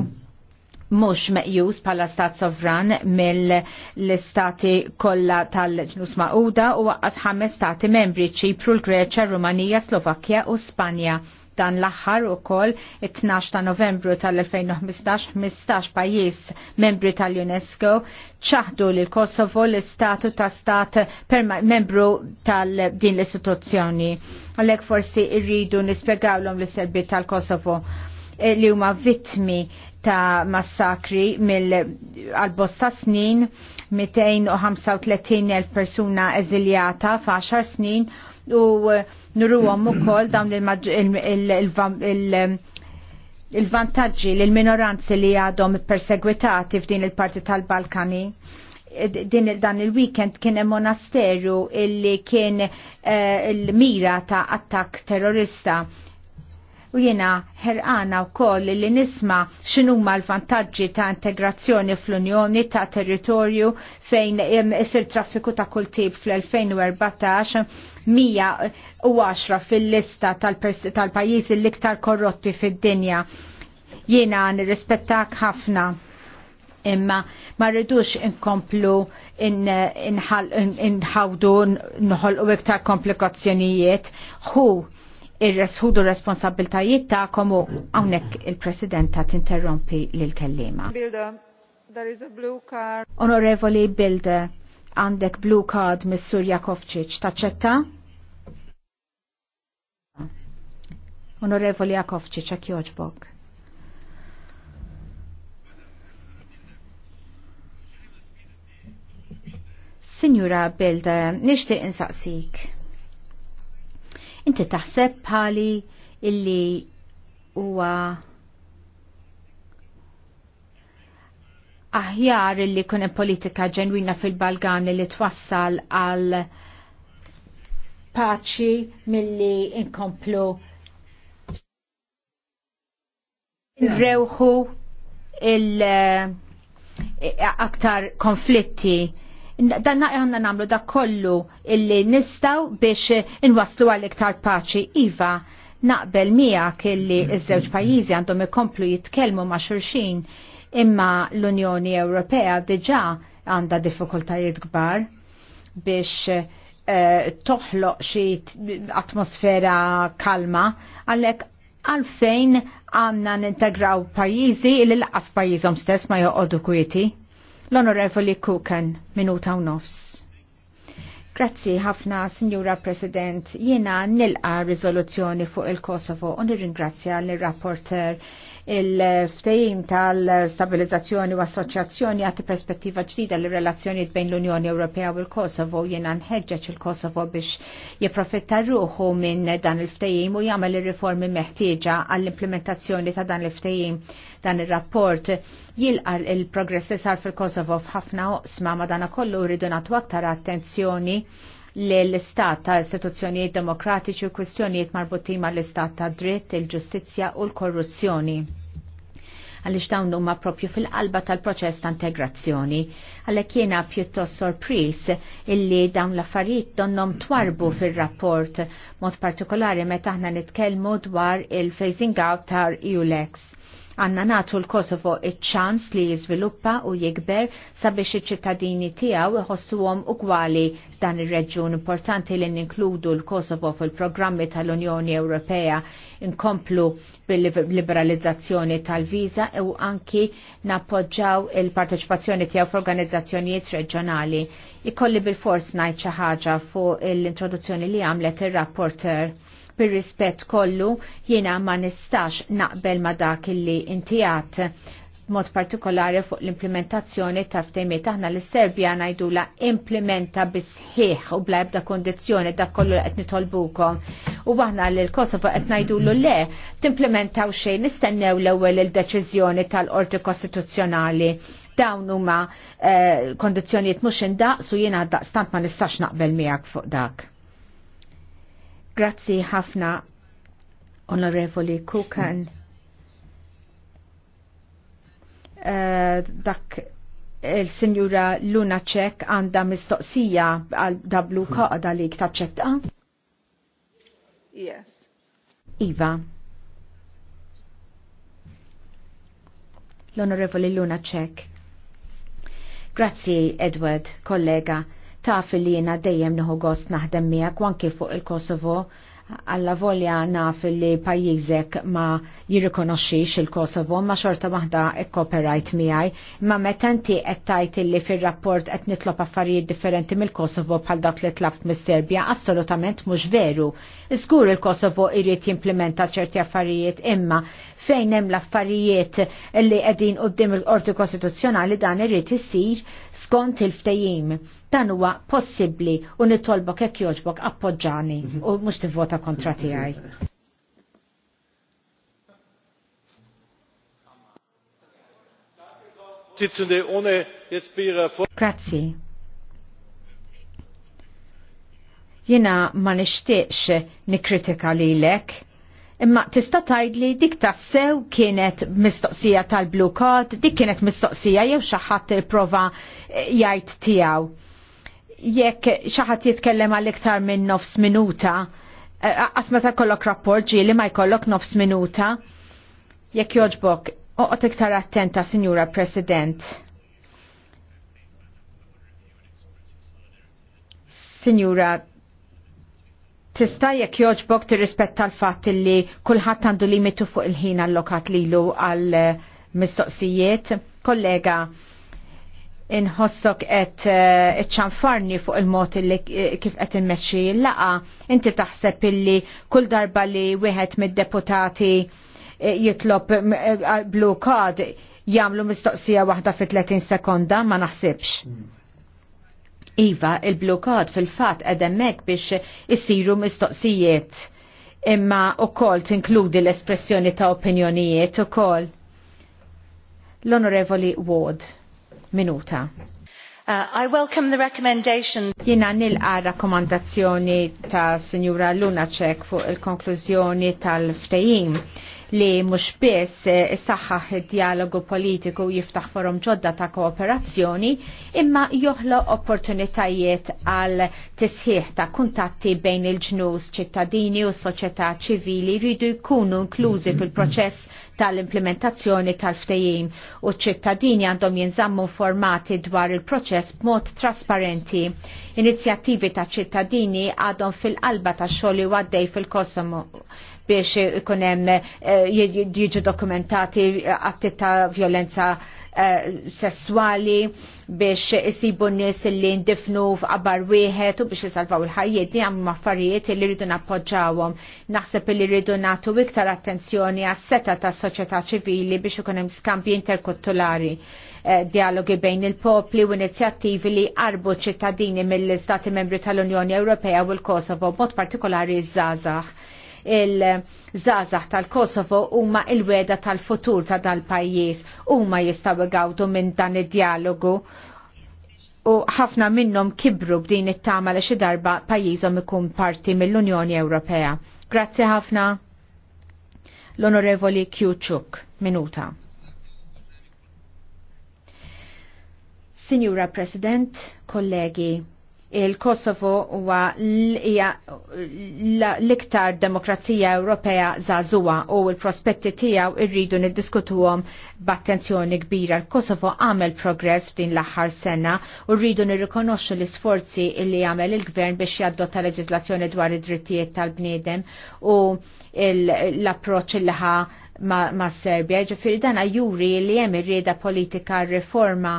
Speaker 2: mhux meqjus bħala stat sovran mill-istati kollha tal-ġnus Mauda u għas ħames stati membri Ċipru, l-Greċja, Rumanija, Slovakkja u Spanja. Dan l-aħħar u it-12 ta' Novembru tal-2015 15 pajjiż membri tal-UNESCO ċaħdu l Kosovo l-istatu ta' stat membru tal-din l-istituzzjoni. Għalhekk forsi rridu nispjegawlhom l-serbi tal-Kosovo Eh, li huma vittmi ta' massakri mill għal għal-bossa snin 235.000 persuna eżiljata fa' 10 snin u eh, u ukoll dawn il-vantaġġi lil minoranzi li għadhom perseguitati f'din il-parti tal-Balkani. Eh, din il dan il-weekend kien hemm monasterju illi kien il-mira ta' attakk terrorista u jena herqana u koll li nisma xinuma l-vantagġi ta' integrazzjoni fl-Unjoni ta' territorju fejn isir traffiku ta' kull tip fl-2014 110 fil-lista tal-pajjiżi l-iktar korrotti fid-dinja. Jena nirrispettak ħafna imma ma rridux inkomplu inħawdu nħolqu iktar komplikazzjonijiet. Hu ir-resħudu responsabiltajiet tagħkom u hawnhekk il-President ta' tinterrompi lil kellima. Onorevoli Bilde, għandek blue card missur sur Jakovčić, taċċetta? Onorevoli Jakovčić, għak joġbok. Signora Bilde, nishtiq insaqsik. Inti taħseb bħali illi huwa aħjar illi kun politika ġenwina fil-Balgan li twassal għal paċi milli inkomplu rewħu il- aktar konflitti danna għanna namlu da kollu illi nistaw biex inwaslu għal iktar paċi. Iva, naqbel mija kelli iż-żewġ pajjiżi għandhom ikomplu jitkellmu ma' xulxin imma l-Unjoni Ewropea diġà għandha diffikultajiet kbar biex eh, toħloq xi atmosfera kalma għalhekk għalfejn għanna nintegraw pajizi li laqas pajizom stess ma joqodu kwieti. L-Onorevoli Kukan, minuta u nofs. Grazzi ħafna, Signora President. Jiena nilqa rizoluzzjoni fuq il-Kosovo u nirringrazzja l-rapporter il-ftejim tal-stabilizzazzjoni u assoċjazzjoni għati perspettiva ġdida l relazzjonijiet bejn l-Unjoni Ewropea u l-Kosovo jena nħedġaċ il-Kosovo biex jiprofitta ruħu minn dan il-ftejim u jagħmel il riformi meħtieġa għall-implementazzjoni ta' dan il-ftejim dan il-rapport jilqar il-progress li sar fil-Kosovo f'ħafna oqsma madana kollu rridu nagħtu aktar attenzjoni l-istat ta' istituzzjonijiet demokratiċi u kwistjonijiet marbutin ma' l-istat ta' dritt, il-ġustizja u l-korruzzjoni għalix dawn huma propju fil-qalba tal-proċess ta' integrazzjoni. Għalhekk jiena pjuttost sorpris illi dawn l-affarijiet donnom twarbu fir-rapport, mod partikolari meta aħna nitkellmu dwar il-phasing out ta' EULEX Għanna natu l-Kosovo iċ-ċans li jizviluppa u jikber sabiex iċ-ċittadini tiegħu u ugwali dan ir-reġjun importanti li ninkludu l-Kosovo fil-programmi tal-Unjoni Ewropea inkomplu bil-liberalizzazzjoni tal-viża u anki nappoġġaw il-parteċipazzjoni tiegħu f'organizzazzjonijiet reġjonali. Ikolli bil-fors ngħid xi ħaġa fuq l-introduzzjoni li għamlet ir-rapporter bir rispett kollu jiena ma nistax naqbel ma dak illi intijat mod partikolari fuq l-implementazzjoni ta' ftejmiet aħna l serbja najdula implementa bisħiħ u bla ebda kondizjoni da' kollu qed nitolbukom. U aħna l kosovo qed najdulu le timplementaw xejn nistennew l-ewwel il-deċiżjoni tal-Qorti Kostituzzjonali dawn huma eh, kondizzjonijiet mhux indaqsu jiena daqstant ma nistax naqbel miegħek fuq dak. Grazzi ħafna, Onorevoli Kukan. Uh, dak il-Sinjura Luna Cek għanda mistoqsija għal dablu koqda li ktaċċetta? Yes. Iva. L-Onorevoli Luna Cek. Grazzi, Edward, kollega taf li jena dejjem nħu gost naħdem miegħek anki fuq il-Kosovo għalla volja naf li pajjiżek ma jirrikonoxxix il-Kosovo ma xorta waħda ikkoperajt miħaj, ma meta għettajt qed li fir-rapport qed nitlob affarijiet differenti mill-Kosovo bħal dak li tlabt mis-Serbja assolutament mhux veru. Iżgur il-Kosovo jrid jimplementa ċerti affarijiet imma fejn hemm l-affarijiet li qegħdin qudiem il-Qorti Kostituzzjonali dan irid isir skont il-ftejim. Dan huwa possibbli u nitolbok jekk jogħġbok appoġġani u mhux tivvota kontra tiegħi.
Speaker 3: Grazzi.
Speaker 2: Grazie. Jina ma nishtiqx nikritika lek. Imma tista' tgħidli dik tassew kienet mistoqsija tal-Blue cod, dik kienet mistoqsija jew xi ħadd ipprova eh, jgħid tiegħu. Jekk xi ħadd jitkellem għal iktar minn nofs minuta, eh, għasma ta' kollok rapport ġieli ma jkollok nofs minuta, jekk joġbok, oqgħod iktar attenta, Signora President. Sinjura Tista jekk joġbok tirrispetta l-fatt li kulħadd għandu limitu fuq il-ħin allokat lilu għal eh, mistoqsijiet. Kollega, inħossok qed eh, iċċanfarni fuq il-mod li eh, kif qed immexxi l-laqa, inti taħseb illi kull darba li wieħed mid-deputati jitlob blue card jagħmlu mistoqsija waħda fi 30 sekonda ma naħsibx. Hmm. Iva, il-blokad fil-fat edemmek biex issiru mistoqsijiet imma u kol tinkludi l-espressjoni ta' opinjonijiet u kol. L-Onorevoli Ward, minuta. Uh, I welcome the recommendation. Jina nilqa rakkomandazzjoni ta' Signora Lunacek fuq il-konklużjoni tal-ftejim li mhux biss isaħħaħ eh, id-dialogu politiku jiftaħ forum ġodda ta' kooperazzjoni imma joħlo opportunitajiet għal tisħiħ ta' kuntatti bejn il-ġnus ċittadini u s-soċjetà ċivili jridu jkunu inklużi fil-proċess tal-implementazzjoni tal-ftejim u ċittadini għandhom jinżammu informati dwar il-proċess b'mod trasparenti. Inizjattivi ta' ċittadini għadhom fil-qalba ta' xogħol għaddej fil kosomo biex ikunem eh, jieġu dokumentati atti ta' violenza eh, sessuali biex isibu nis li ndifnu f'qabar wieħed u biex isalvaw il-ħajjiet di għam affarijiet li rridu nappoġġawhom. Naħseb li rridu nagħtu iktar attenzjoni għas seta tas soċjetà ċivili biex ikun hemm skambji interkulturali eh, dialogi bejn il-popli u inizjattivi li qarbu ċittadini mill istati membri tal-Unjoni Ewropea u l-Kosovo, b'mod partikolari ż-żgħażagħ il-żazax tal-Kosovo huma il-weda tal-futur ta' dal-pajjiż huma jistgħu gawdu minn dan id-dialogu u ħafna minnhom kibru b'din it-tama li xi darba pajjiżhom ikun parti mill-Unjoni Ewropea. Grazzi ħafna l-Onorevoli Kjuċuk, minuta. Signora President, kollegi, il-Kosovo huwa l-iktar demokrazija Ewropea zazuwa u l-prospetti tiegħu irridu niddiskutuhom b'attenzjoni kbira. Il-Kosovo għamel progress f'din l-aħħar sena u rridu nirrikonoxxu l-isforzi li għamel il-gvern biex jaddotta leġislazzjoni dwar id-drittijiet tal-bniedem u l-approċċ li ħa ma' Serbja. Ġifieri dan juri li hemm irrieda politika riforma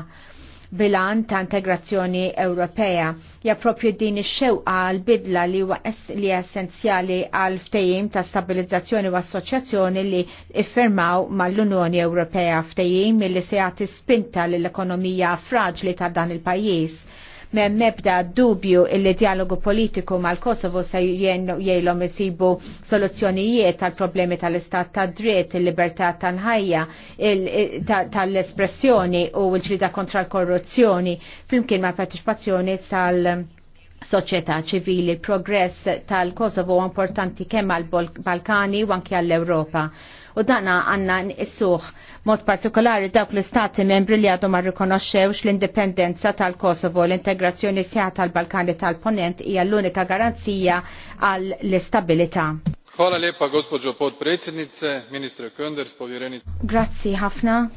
Speaker 2: bilan ta' integrazzjoni Ewropea. Ja propju din ix-xewqa l-bidla li huwa li essenzjali għal ftejim ta' stabilizzazzjoni u assoċjazzjoni li iffirmaw mal-Unjoni Ewropea ftejim milli se jagħti spinta lill-ekonomija fraġli ta' dan il-pajjiż Mem mebda dubju il dialogu politiku mal-Kosovo se jgħilhom jisibu soluzzjonijiet tal-problemi tal-istat ta' dritt, il-libertà tal-ħajja, tal-espressjoni u l-ġrida kontra l-korruzzjoni, flimkien mal-partiċipazzjoni tal- soċjetà ċivili, progress tal-Kosovo importanti kemm għal-Balkani u anke għall-Ewropa. U dana għanna nissuħ mod partikolari dawk l-istati membri li għadhom ma rikonoxxewx l-indipendenza tal-Kosovo, l-integrazzjoni sija tal-Balkani tal-Ponent hija l-unika garanzija għall-istabilità.
Speaker 1: Hvala lijepa gospođo ministre
Speaker 2: Könders, Grazzi ħafna.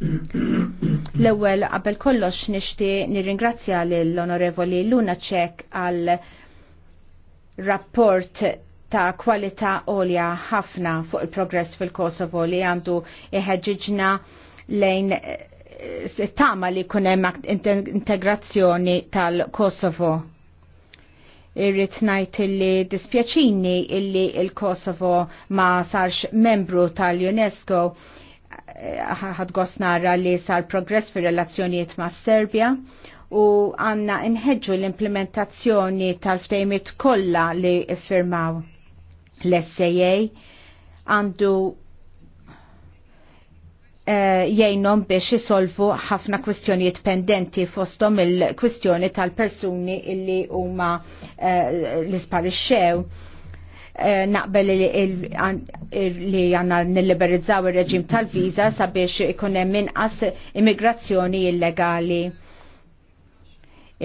Speaker 2: L-ewwel qabel kollox nixtieq nirringrazzja lill-Onorevoli Luna Ċek għal rapport ta' kwalità għolja ħafna fuq il-progress fil-Kosovo li għandu iħeġġiġna lejn eh, tama li kunem integrazzjoni tal-Kosovo. Irrit najt li dispjaċini illi il-Kosovo ma sarx membru tal-UNESCO ħadgost nara li sar progress fir relazzjonijiet ma' Serbia u għanna nħedġu l-implementazzjoni tal-ftejmit kollha li firmaw l-SAA għandu eh, jgħinom biex jisolvu ħafna kwistjonijiet pendenti fostom il-kwistjoni tal-persuni illi huma eh, l-isparixxew Eh, naqbel li għanna nilliberizzaw il-reġim tal-viza sabiex ikunem minqas immigrazzjoni illegali.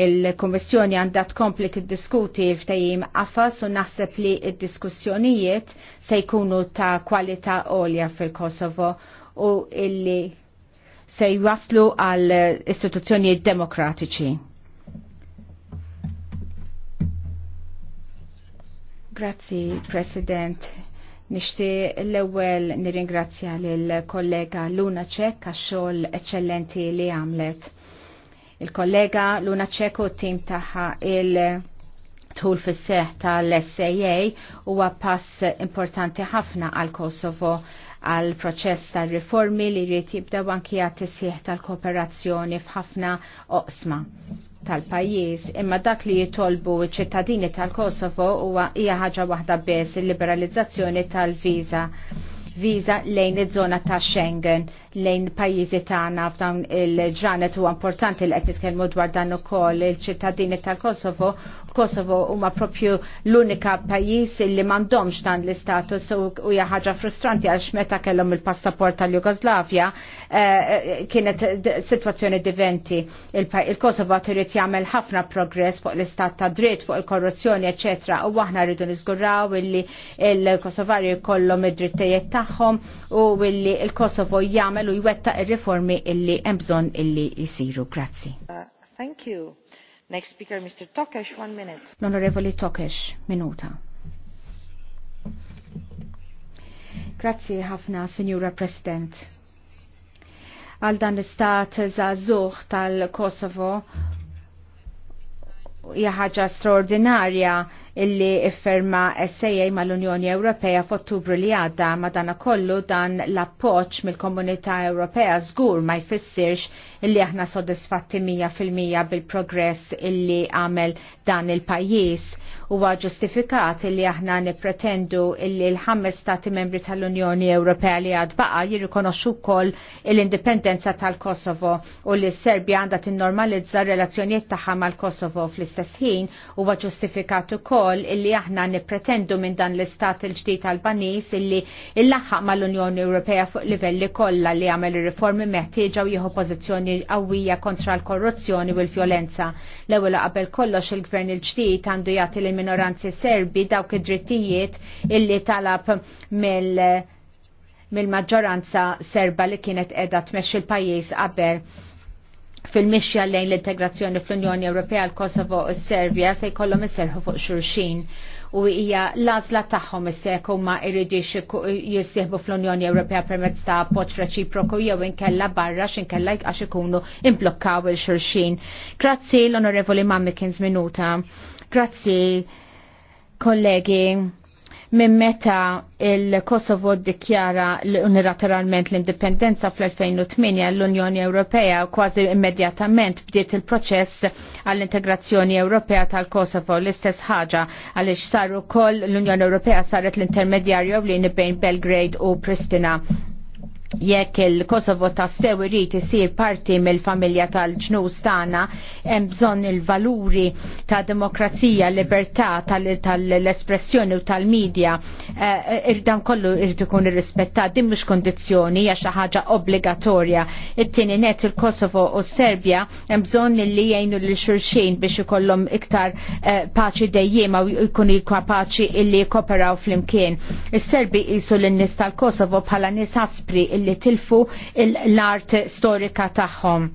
Speaker 2: Il-Kommissjoni għandha tkompli tiddiskuti f'tejjim għafas u naħseb li d-diskussjonijiet se jkunu ta' kwalità għolja fil-Kosovo u illi se jwaslu għal istituzzjonijiet demokratiċi. Grazzi, President. Nishti l-ewel nirringrazzja l-kollega Luna Cech għax eccellenti li għamlet. Il-kollega Luna Cech u tim taħħa il- tħul fis seħ tal-SAA huwa pass importanti ħafna għal Kosovo għal proċess tal riformi li jrid jibda anki għat tisħiħ tal-kooperazzjoni f'ħafna oqsma tal-pajjiż, imma dak li jitolbu ċittadini tal-Kosovo huwa hija ħaġa waħda biss il-liberalizzazzjoni tal-viża viża lejn iż-żona ta' Schengen lejn pajjiżi tagħna f'dawn il-ġranet huwa importanti li qed nitkellmu dwar dan ukoll il-ċittadini tal-Kosovo Kosovo huma propju l-unika pajjiż li m'għandhomx dan l-istatus u hija ħaġa frustranti għax meta kellhom il-passaport tal-Jugoslavja eh, kienet sitwazzjoni diventi. Il-Kosovo trid jagħmel ħafna progress fuq l-istat ta' dritt, fuq il-korruzzjoni, eċetera, u aħna rridu niżguraw illi il-Kosovari jkollhom id-drittejiet tagħhom u illi il-Kosovo jagħmel u jwettaq ir-riformi illi hemm bżonn illi jsiru. Grazzi. Uh, thank you. Next speaker, Mr. Tokesh, one minute. l Tokesh, minuta. Grazie Hafna, Signora President. Għal dan l-istat zazuħ tal-Kosovo jaħħaġa straordinarja illi ifferma essejjej mal-Unjoni Ewropea f'Ottubru li għadda dan kollu dan l-appoċ mill-Komunità Ewropea żgur ma jfissirx illi aħna soddisfatti 100% bil-progress illi għamel dan il-pajjiż huwa ġustifikat illi aħna nippretendu illi l-ħames stati membri tal-Unjoni Ewropea li għad baqa jirrikonoxxu wkoll l-indipendenza tal-Kosovo u li s-Serbja għandha tinnormalizza r-relazzjonijiet tagħha mal-Kosovo fl-istess ħin huwa ġustifikat ukoll ukoll illi aħna nippretendu minn dan l-istat il-ġdid għall-Banis illi l-laħħaq mal-Unjoni Ewropea fuq livelli kollha li għamel ir-riformi meħtieġa u jieħu pożizzjoni qawwija kontra l-korruzzjoni u l-vjolenza. L-ewwel qabel kollox il-gvern il-ġdid għandu jagħti lil minoranzi Serbi dawk id-drittijiet illi talab mill mill-maġġoranza serba li kienet edha tmexxi l-pajjiż qabel fil-mixja lejn l-integrazzjoni fl-Unjoni Ewropea l-Kosovo u s-Serbja se jkollhom isserħu fuq xulxin u hija l-għażla tagħhom issek ma jridix jissieħbu fl-Unjoni Ewropea permezz ta' appoġġ reċiproku jew inkella barra x'inkella għax ikunu imblokkaw il-xulxin. Grazzi l-Onorevoli Mammikins minuta. Grazzi kollegi minn meta il-Kosovo dikjara unilateralment l-indipendenza fl-2008 l-Unjoni Ewropea kważi immedjatament bdiet il-proċess għall-integrazzjoni Ewropea tal-Kosovo l-istess ħaġa għaliex saru kol l-Unjoni Ewropea saret l-intermedjarju li bejn Belgrade u Pristina jekk il-Kosovo ta' sew irid isir parti mill-familja tal-ġnus tagħna hemm bżonn il-valuri ta' demokrazija, libertà tal-espressjoni u tal-medja eh, eh, irdan kollu irid ikun irrispettat din mhux kondizzjoni hija xi ħaġa obbligatorja. It-tieni net il-Kosovo u Serbja hemm bżonn li jgħinu lil xulxin biex ikollhom iktar eh, paċi dejjiem u jkun il kapaċi illi jkoperaw flimkien. Is-Serbi qisu lin-nies tal-Kosovo bħala nies aspri illi tilfu l-art storika tagħhom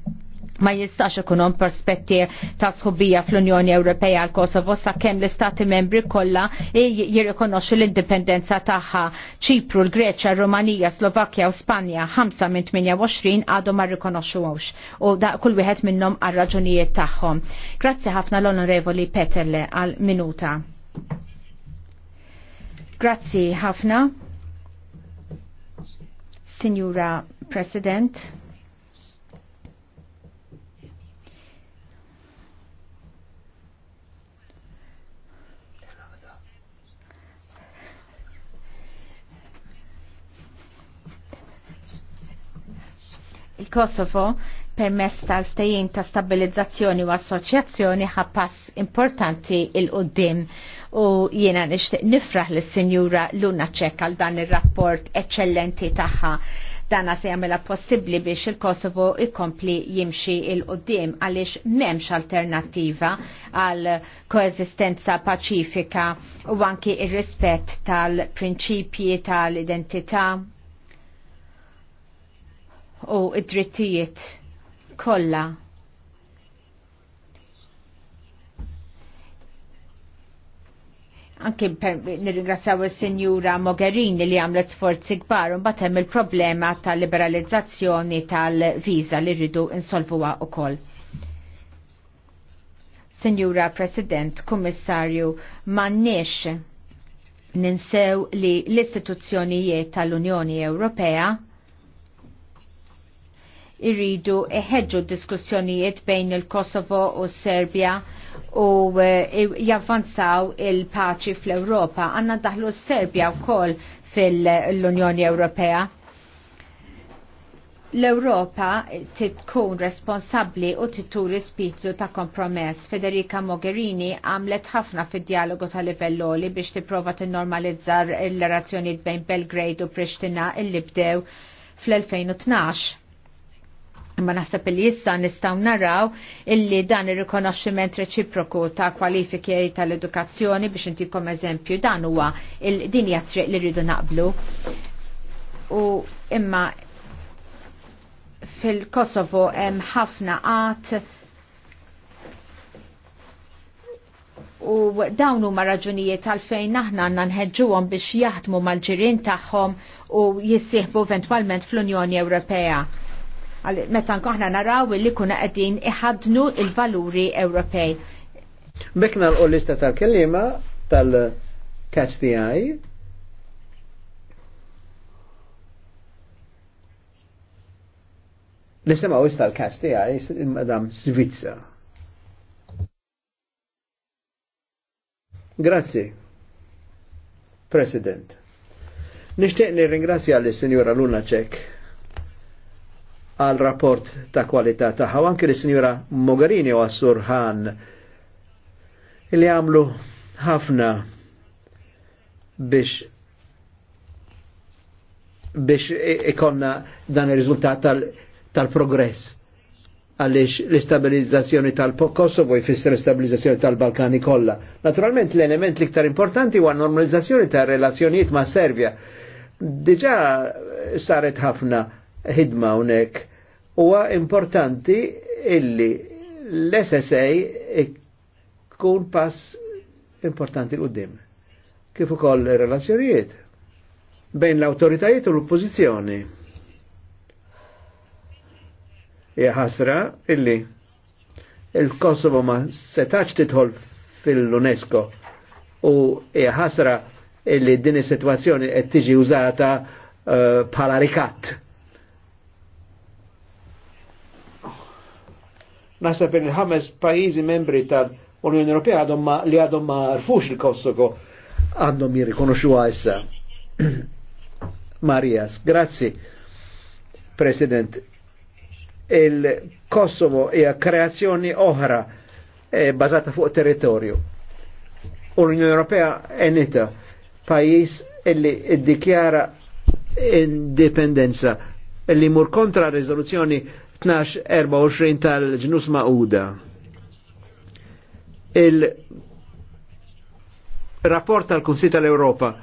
Speaker 2: ma jistax ikunhom perspetti ta' sħubija fl-Unjoni Ewropea għal Kosovo sakemm l-Istati membri kollha jirrikonoxxu l-indipendenza tagħha. Ċipru, l-Greċja, Rumanija, Slovakkja u Spanja 5 minn 28 għadhom ma rrikonoxxuhomx u da kull wieħed minnhom għal raġunijiet tagħhom. Grazzi ħafna l-Onorevoli Peterle għal minuta. Grazzi ħafna. Signora President, il-Kosovo permezz tal ftajin ta' stabilizzazzjoni u assoċjazzjoni ħappass importanti il-qoddim u jiena nixtieq nifraħ lis sinjura Luna ċekka għal dan ir-rapport eċċellenti tagħha. Dana se jagħmilha possibbli biex il-Kosovo jkompli jimxi il qudiem għaliex m'hemmx alternattiva għal koeżistenza paċifika u anki ir-rispett tal-prinċipji tal-identità u id-drittijiet kollha Anki nirringrazzjaw il-Sinjura Mogherini li għamlet sforzi kbar un batem il-problema tal-liberalizzazzjoni tal-viza li rridu insolvuwa u koll. Sinjura President, Kummissarju, mannix ninsew li l-istituzzjonijiet tal-Unjoni Ewropea irridu iħedġu diskussjonijiet bejn il-Kosovo u Serbia u e, javvanzaw il-paċi fl-Europa. Għanna daħlu Serbia u kol fil-Unjoni Ewropea. L-Europa titkun responsabli u titur spiritu ta' kompromess. Federica Mogherini għamlet ħafna fid-dialogu ta' livelloli biex tipprova tinnormalizzar il-relazzjoniet bejn Belgrade u Pristina il-libdew fl-2012 Imma naħseb li issa nistgħu naraw illi dan ir-rikonoxximent reċiproku ta' kwalifiki tal-edukazzjoni biex intikom eżempju dan huwa din hija triq li rridu naqblu. U imma fil-Kosovo hemm ħafna qat. u dawn huma raġunijiet għalfejn aħna għandna nħeġġuhom biex jaħdmu mal-ġirien tagħhom u jissieħbu eventwalment fl-Unjoni Ewropea meta nkoħna naraw li kuna qegħdin iħadnu il-valuri Ewropej.
Speaker 3: Bekna l-lista tal-kellima tal-Catch the Eye. Nisimaw is tal-Catch the Eye, madam Svizza. Grazie, President. Nishtiq nirringrazzja l senjora Luna Ċek għal rapport ta' kwalità tagħha anke l-Sinjura Mogherini u Assurħan li għamlu ħafna biex biex ikonna dan ir-riżultat tal-progress għaliex l-istabilizzazzjoni tal-Kosovo jfisser l-istabilizzazzjoni tal-Balkani kollha. Naturalment l-element l-iktar importanti huwa normalizzazzjoni tar-relazzjonijiet ma' Serbja. Diġà saret ħafna ħidma unek. Huwa importanti illi l-SSA ikun pass importanti l-qoddim. Kif ukoll relazzjonijiet bejn l-autoritajiet u l-oppożizzjoni. Hija ħasra illi il-Kosovo ma setax titħol fil-UNESCO u hija ħasra illi din is-sitwazzjoni qed tiġi użata eh, bħala uh, rikatt Naħseb li ħames pajjiżi membri tal-Unjoni Ewropea għadhom ma li għadhom ma rfux il-Kosovo għandhom jirrikonoxuha issa. Marias, grazzi, President. Il-Kosovo hija kreazzjoni oħra e eh, bazata fuq territorju. Unjoni Ewropea enita pajis illi iddikjara indipendenza illi mur kontra rezoluzzjoni 12-24 tal-ġnus ma'uda. Il-rapport tal-Kunsit tal-Europa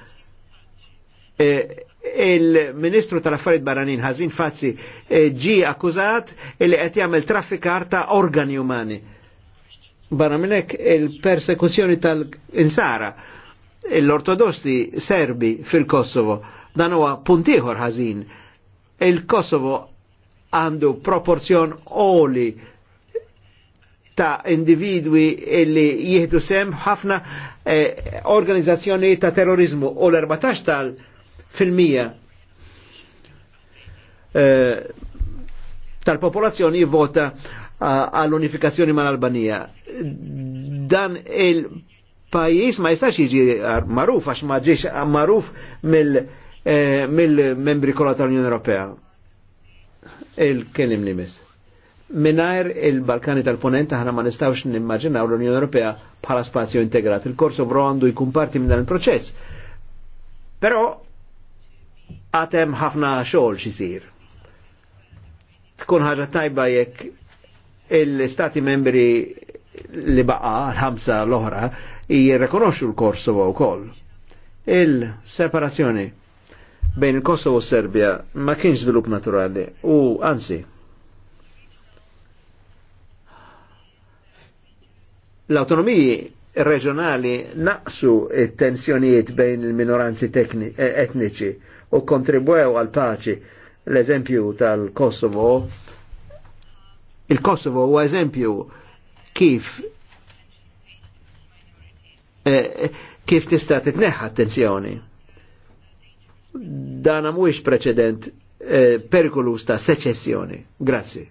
Speaker 3: e, il-Ministru tal-Affarijiet Baranin, Ħażin Fazzi e, ġi akkużat li qed jagħmel traffikar ta' organi umani. Barra minnek il-persekuzzjoni tal-insara l-ortodosti serbi fil-Kosovo dan huwa puntiħor ħażin. Il-Kosovo għandu proporzjon oli ta' individwi illi jihdu sem ħafna eh, organizzazzjoni ta' terrorizmu u l-14 tal fil-mija eh, tal-popolazzjoni jivvota eh, għall-unifikazzjoni mal albanija Dan il-pajis ma jistax jiġi maruf għax ma ġiex maruf eh, mill-membri eh, mil kollha tal-Unjoni Ewropea il-kelim nimes. Minajr il-Balkani tal-Ponent ħana ma nistawx nimmaġinaw l-Unjoni Ewropea bħala spazju integrat. Il-Korso Bro għandu jkun parti minn dan il-proċess. Però għatem ħafna xogħol xisir. Tkun ħaġa tajba jekk il-Stati membri li baqa l-ħamsa l-oħra jirrekonoxxu l u koll. Il-separazzjoni. Il-separazzjoni bejn il-Kosovo u Serbia ma kienx żvilupp naturali u anzi. L-autonomiji reġjonali naqsu it-tensjonijiet bejn il-minoranzi e, etniċi u kontribwew għal paċi. L-eżempju tal-Kosovo, il-Kosovo huwa eżempju kif eh, kif tista' titneħħa attenzjoni. tensjoni dana mwix preċedent eh, perikolus ta' seċessjoni. Grazzi.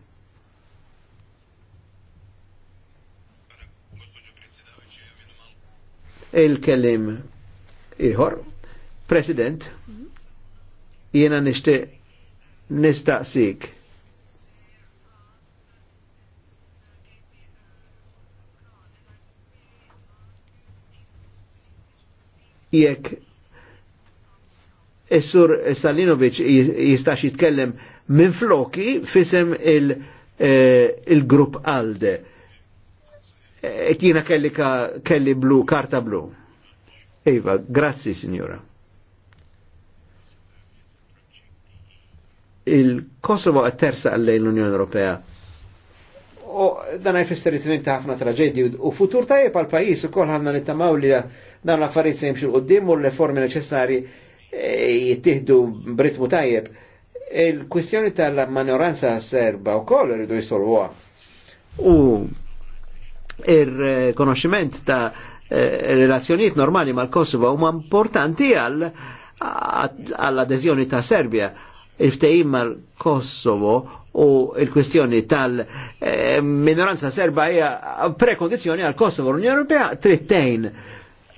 Speaker 3: Il-kellim iħor, President, jena nishti nistaqsik. Jekk Essur sur Salinovic jistax jitkellem minn floki fisem eh, il-grupp Alde. E, Kiena kelli, ka, kelli blu, karta blu. Eva, grazzi signora. Il-Kosovo għ-terza għallej l-Unjoni Ewropea. U dan għaj fisser ta' ħafna traġedji u futur tajjeb għal pajis u kol ħanna nittamaw li dan l-affarijiet se jimxu qoddim u l-reformi neċessari E, jittihdu britmu tajjeb. Il-kwistjoni tal-manoranza serba u koll rridu jisolwa. U il-konoximent ta' e, relazzjoniet normali mal-Kosovo huma importanti għall adezjoni ta' Serbia. il ftejim mal-Kosovo u il kwistjoni tal-minoranza e, serba hija prekondizjoni għal Kosovo. L-Unjoni Ewropea trittejn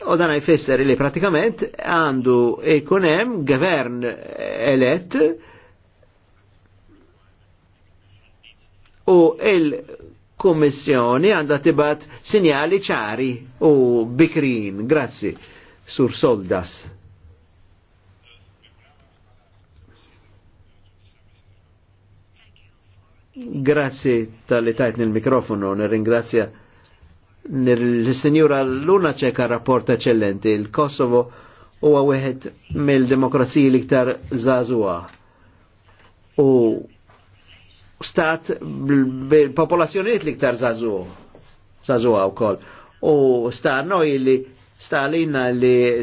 Speaker 3: U dan jfisser li pratikament għandu ikunem gvern elett u il-Kommissjoni għandha tibat sinjali ċari u bikrin. Grazzi, Sur Soldas. Grazzi tal-li tajtni l-mikrofonu, nirringrazzja l-Sinjura Luna ċeka rapport eccellenti, il-Kosovo u wieħed mill-demokrazija l-iktar zazua. U stat bil-popolazzjoniet l-iktar Zazua u kol. U sta noi li stalina li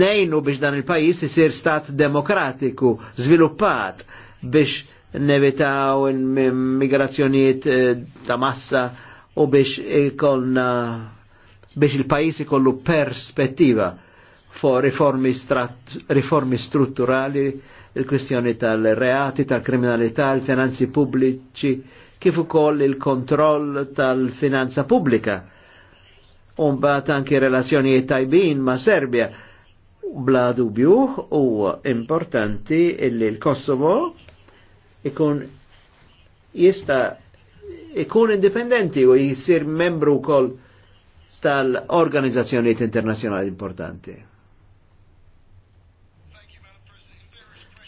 Speaker 3: nejnu biex dan il-pajis jisir stat demokratiku, sviluppat biex nevitaw il-migrazzjoniet eh, ta' massa u biex ikolna biex il-pajis ikollu perspettiva for riformi, strat, riformi strutturali, il-kwistjoni tal-reati, tal-kriminalità, il-finanzi pubbliċi, kif ukoll il-kontroll tal-finanza pubblika. Umbat anki relazzjoni tajbin ma' Serbia. Bla dubju u importanti illi il kosovo ikun jista' ikun indipendenti u jisir membru kol tal-organizzazzjoniet internazjonali importanti.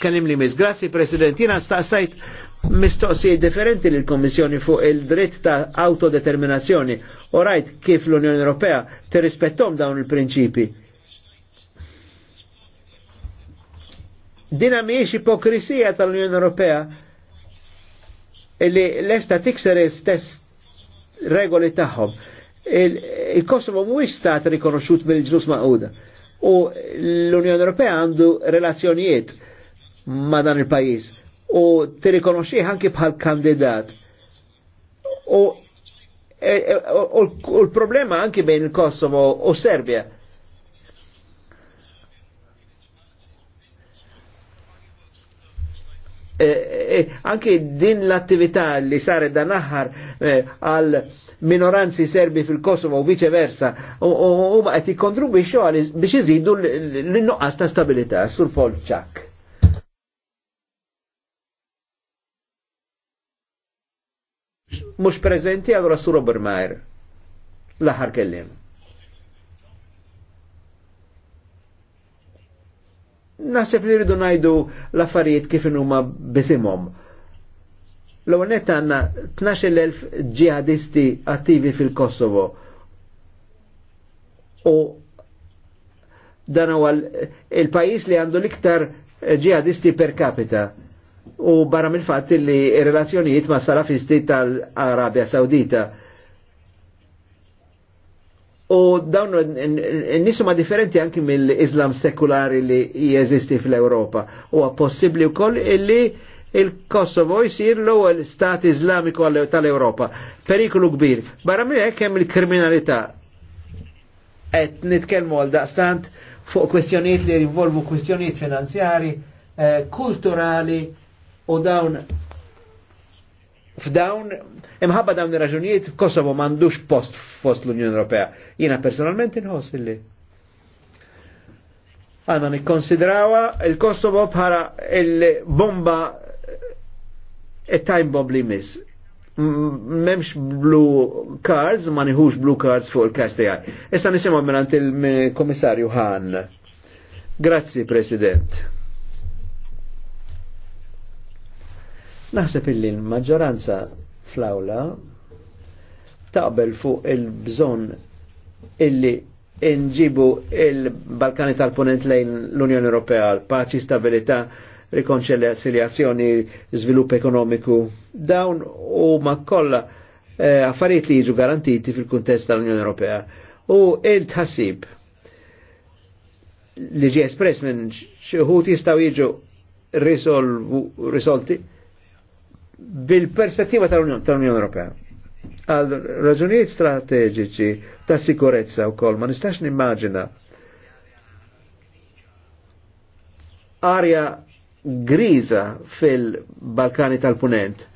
Speaker 3: Kellim li mis, grazzi President, jina sajt mistoqsijiet differenti l kommissjoni fuq il-dritt ta' autodeterminazzjoni u rajt kif l-Unjoni Ewropea tirrispettom dawn il-prinċipi. Dinamiex ipokrisija tal-Unjoni Ewropea li l-esta tikser il-stess regoli taħħom. Il-Kosovo mu istat rikonosciut mill ġlus maquda u l-Unjoni Ewropea għandu relazzjonijiet ma' dan il pajis u tirrikonoxxih anki bħal kandidat. E, e, u l-problema anki bejn il-Kosovo u Serbia Eh, eh, anki din l-attività li sare da naħar eh, għal minoranzi serbi fil-Kosovo u viceversa u ma qed jikkontribwixxu biex iżidu l-nuqqas ta' stabilità sul polċak. Mux prezenti għallura su Robert Mayer. l kellim. Naħseb li rridu najdu l-affarijiet kif huma bisimhom. L-ewwel għanna għandna 12,000 ġihadisti attivi fil-Kosovo. U dan huwa il-pajjiż li għandu l-iktar ġihadisti per capita. U barra mill-fatt li relazzjonijiet ma' salafisti tal-Arabja Sawdita U dawn ma differenti anki mill-Islam sekulari li jeżisti fl-Europa. U possibli u koll illi il-Kosovo jisir l-ewwel stat Islamiku tal-Europa. Periklu kbir. Barra minn hekk hemm il-kriminalità. Et nitkellmu għal daqstant fuq kwestjonijiet li rinvolvu kwestjonijiet finanzjari, eh, kulturali u dawn f'dawn, imħabba dawn il raġunijiet Kosovo m'għandux post fost l-Unjoni Ewropea. Jina personalment inħoss illi. Għanna nikkonsidrawa il-Kosovo bħala il-bomba il-time eh, bomb li miss. Memx blue cards, ma nħuġ blue cards fuq il ksti Issa nisimaw minnant il-komissarju Han. Grazzi, President. Naħseb illi l-maġġoranza fl-awla taqbel fuq il-bżon illi nġibu il-Balkani tal-Ponent lejn l-Unjoni Ewropea, paċi, stabilità, rikonċiljazzjoni, svilupp ekonomiku. Dawn ma kollha eh, affarijiet li jiġu garantiti fil-kuntest tal-Unjoni Ewropea. U il-tħassib li ġie espress minn xi ħut jistgħu jiġu risolti bil-perspettiva tal-Unjoni Ewropea. Għal raġunijiet strategiċi ta' sikurezza u kol, ma nistax nimmaġina arja griża fil-Balkani tal-Punent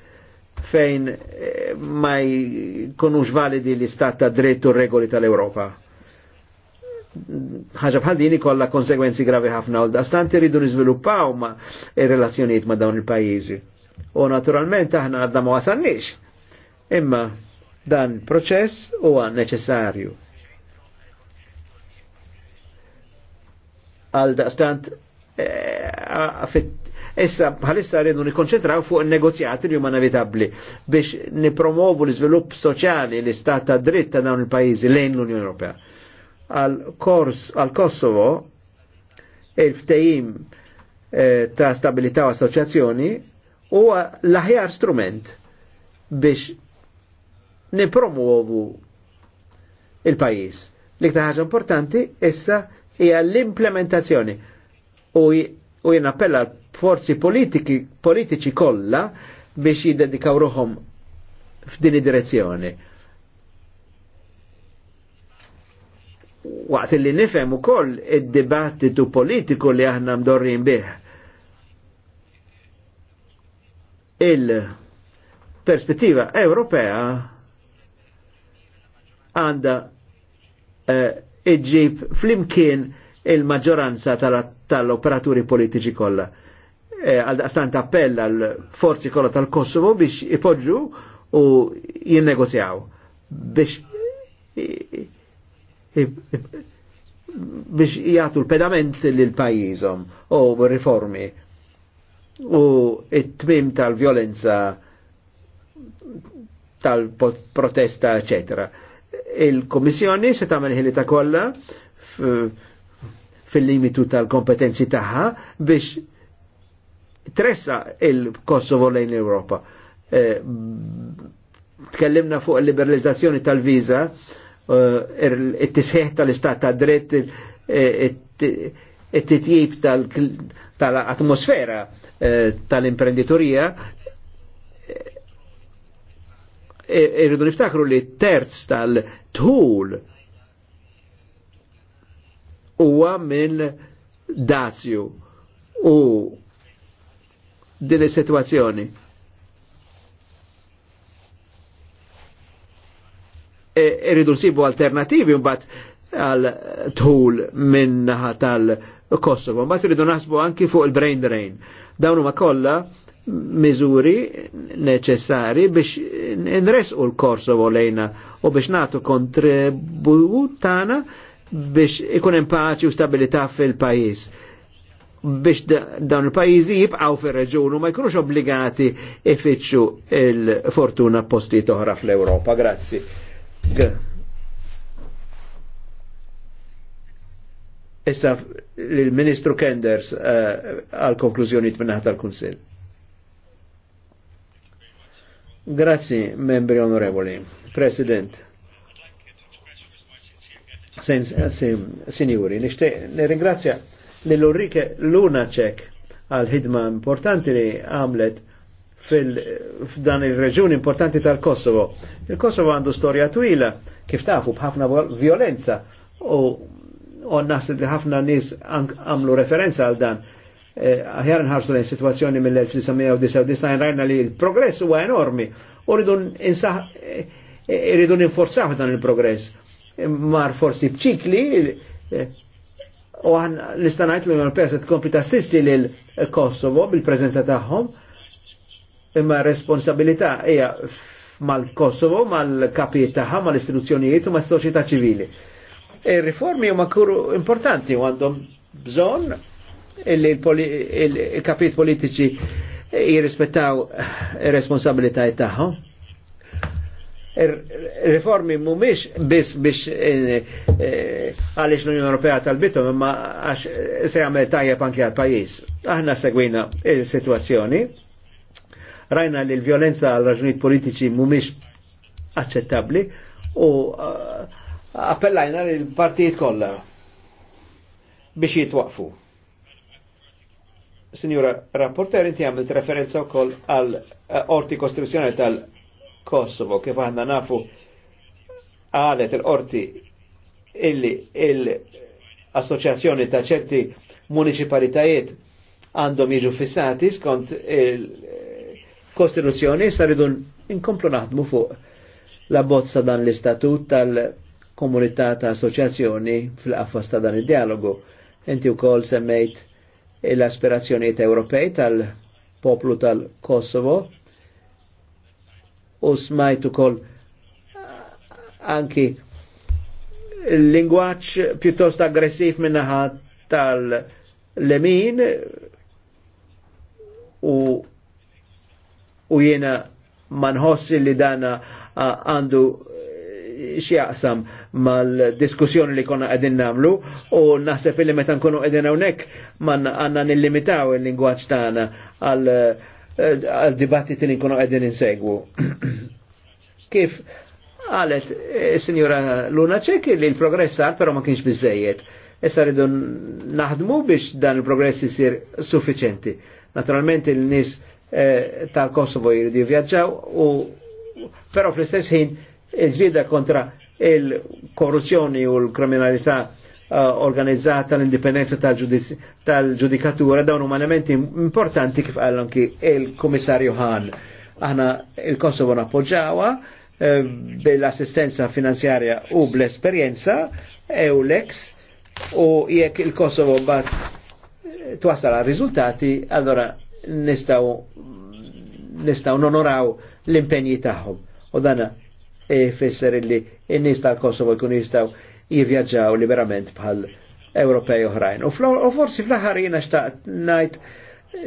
Speaker 3: fejn eh, ma jkunux validi l-istat ta' dritt u regoli tal-Europa. ħaġa bħal din ikolla konsegwenzi gravi ħafna u stanti rridu niżviluppaw ma' ir-relazzjonijiet ma' dawn il-pajjiżi. U naturalment aħna għadna ma wasalniex. Imma dan proċess huwa neċessarju. Għal daqstant eh, Issa bħalissa rridu nikkonċentraw fuq il-negozjati li huma inevitabbli biex nipromovu l-iżvilupp soċjali li istat ta' dritt ta' dawn il-pajjiżi lejn l-Unjoni Ewropea. Għal Kosovo il-ftehim eh, ta' stabilità u assoċjazzjoni u laħjar strument biex nipromuovu il-pajis. L-iktar ħaġa importanti issa hija l-implementazzjoni u jenappella forzi politiki, politiċi kollha biex jiddedikaw ruħom f'din id-direzzjoni. Waqt li nifhem ukoll id-dibattitu politiku li aħna mdorrin bih il-perspettiva Ewropea għanda uh, eh, iġib flimkien il-maġġoranza tal-operaturi tal politiċi kollha. Eh, għal e, daqstant appell għal forzi kollha tal-Kosovo biex ipoġġu u jinnegozjaw biex biex jgħatu l-pedament l-pajizom u riformi u it-tmim tal-violenza tal-protesta, eccetera. Il-Komissjoni se tagħmel ħilita kollha fil-limitu tal-kompetenzi tagħha biex tressa il-Kosovo lejn l-Europa. Eh, tkellimna fuq il-liberalizzazzjoni tal-viza, eh, it-tisħeħ tal-istat ta' dritt, eh, it-titjib tal-atmosfera Eh, tal-imprenditorija eh, eh, irridu niftakru li terz tal-tħul huwa minn dazju u din is-sitwazzjoni. E, irridu nsibu alternativi mbagħad għal tħul minn naħa tal-Kosovo, mbagħad irridu nasbu anki fuq il-brain drain. drain Dawn huma kollha mizuri neċessari biex nresqu l korso volejna u biex natu kontributana biex ikun hemm paċi u stabilità fil-pajjiż biex dawn il-pajjiżi jibqgħu fil reġunu ma jkunux obbligati ifittxu il-fortuna postijiet oħra fl europa Grazzi. Issa l-Ministru Kenders eh, għal konklużjoni minnaħ tal-Kunsil. Grazzi, membri onorevoli. President. Sinjuri, nirringrazzja l-Ulrike Lunacek għal-ħidma importanti li għamlet f'dan il-reġun importanti tal-Kosovo. Il-Kosovo għandu storja twila, kif tafu bħafna violenza u on naħseb li ħafna nis għamlu referenza għal dan. Eh, aħjar nħarsu l situazzjoni mill-1999 rajna li il-progress huwa enormi u rridu eh, eh, rridu ninforzaħ dan il-progress. Mar forsi bċikli u għan l-istanajt l-Unjoni Europea se tkompli tassisti l Kosovo bil-preżenza tagħhom imma responsabilità hija mal-Kosovo, mal-kapijiet tagħha, mal-istituzzjonijiet u mas-soċjetà ċivili Il-riformi huma kuru importanti għandhom bżon illi il-kapit politiċi jirrispettaw il-responsabilitajiet tagħhom. Riformi mumiex biss biex eh, eh, għaliex l-Unjoni Ewropea tal-bitom imma għax se jagħmel tajjeb anke għal-pajjiż. Aħna segwina il-sitwazzjoni, rajna li l-violenza għal raġunijiet politiċi mumiex aċċettabbli u uh, appellajna lill partijiet kollha biex jitwaqfu. Signora rapporter, inti għamilt referenza wkoll għal eh, orti kostituzzjonali tal-Kosovo, kif aħna nafu għalet l orti illi l assoċjazzjoni ta' ċerti municipalitajiet għandhom jiġu fissati skont il-Kostituzzjoni, saridun nkomplu naħdmu fuq la bozza dan l-istatut tal- komunità ta' assoċjazzjoni fil-qaffas ta' dan id-dialogu. Inti wkoll semmejt l-aspirazzjonijiet Ewropej tal-poplu tal-Kosovo u smajt ukoll anki l-lingwaċ pjuttost aggressiv minnaħa tal-lemin u u jena manħossi li dana għandu xjaqsam mal-diskussjoni li konna għedin namlu u naħseb illi meta nkunu għedin għonek man għanna nillimitaw il-lingwaċ tagħna eh, għal dibattiti li nkunu għedin insegwu. Kif għalet eh, signora Luna ċekki li l-progress għal pero ma kienx bizzejiet. Issa rridu naħdmu biex dan il-progress jisir suffiċenti. Naturalment il-nis eh, tal-Kosovo jridu jivjaġġaw u pero fl-istess ħin il-ġida kontra il-korruzzjoni u l-kriminalità uh, organizzata l-indipendenza tal-ġudikatura dawn huma elementi importanti kif qal anki il-Kummissarju Hahn. Aħna il-Kosovo nappoġġawha eh, bil-assistenza finanzjarja u bl-esperjenza EULEX u jekk il-Kosovo bat twasal għal riżultati, allora nistaw nistaw nonoraw l-impenji tagħhom. U dana jfisser e illi n-nies tal-Kosovo jkun jistgħu jivvjaġġaw liberament bħal Ewropej oħrajn. U forsi fl-aħħar jiena xtaqt najt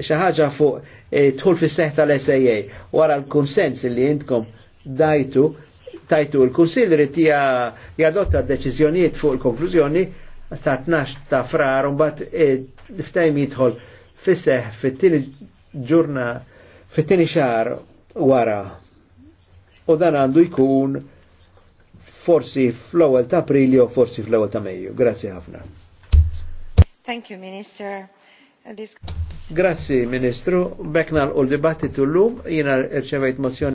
Speaker 3: xi ħaġa fuq tħul e, fis-seħħ tal-SAA wara l-kunsens li intkom dajtu tajtu l-Kunsill irid jadotta deċiżjonijiet fuq il-konklużjoni ta' 12 ta' frar u mbagħad e, ftajm jidħol fis fit-tieni ġurna fit-tieni xahar wara u dan għandu jkun forsi fl-ewwel ta' April jew forsi fl-ewwel ta' Mejju. Grazzi ħafna.
Speaker 2: Thank you, Minister. This...
Speaker 3: Grazzi, Ministru. Bekna l-dibattitu l-lum, jina rċevajt mozzjoni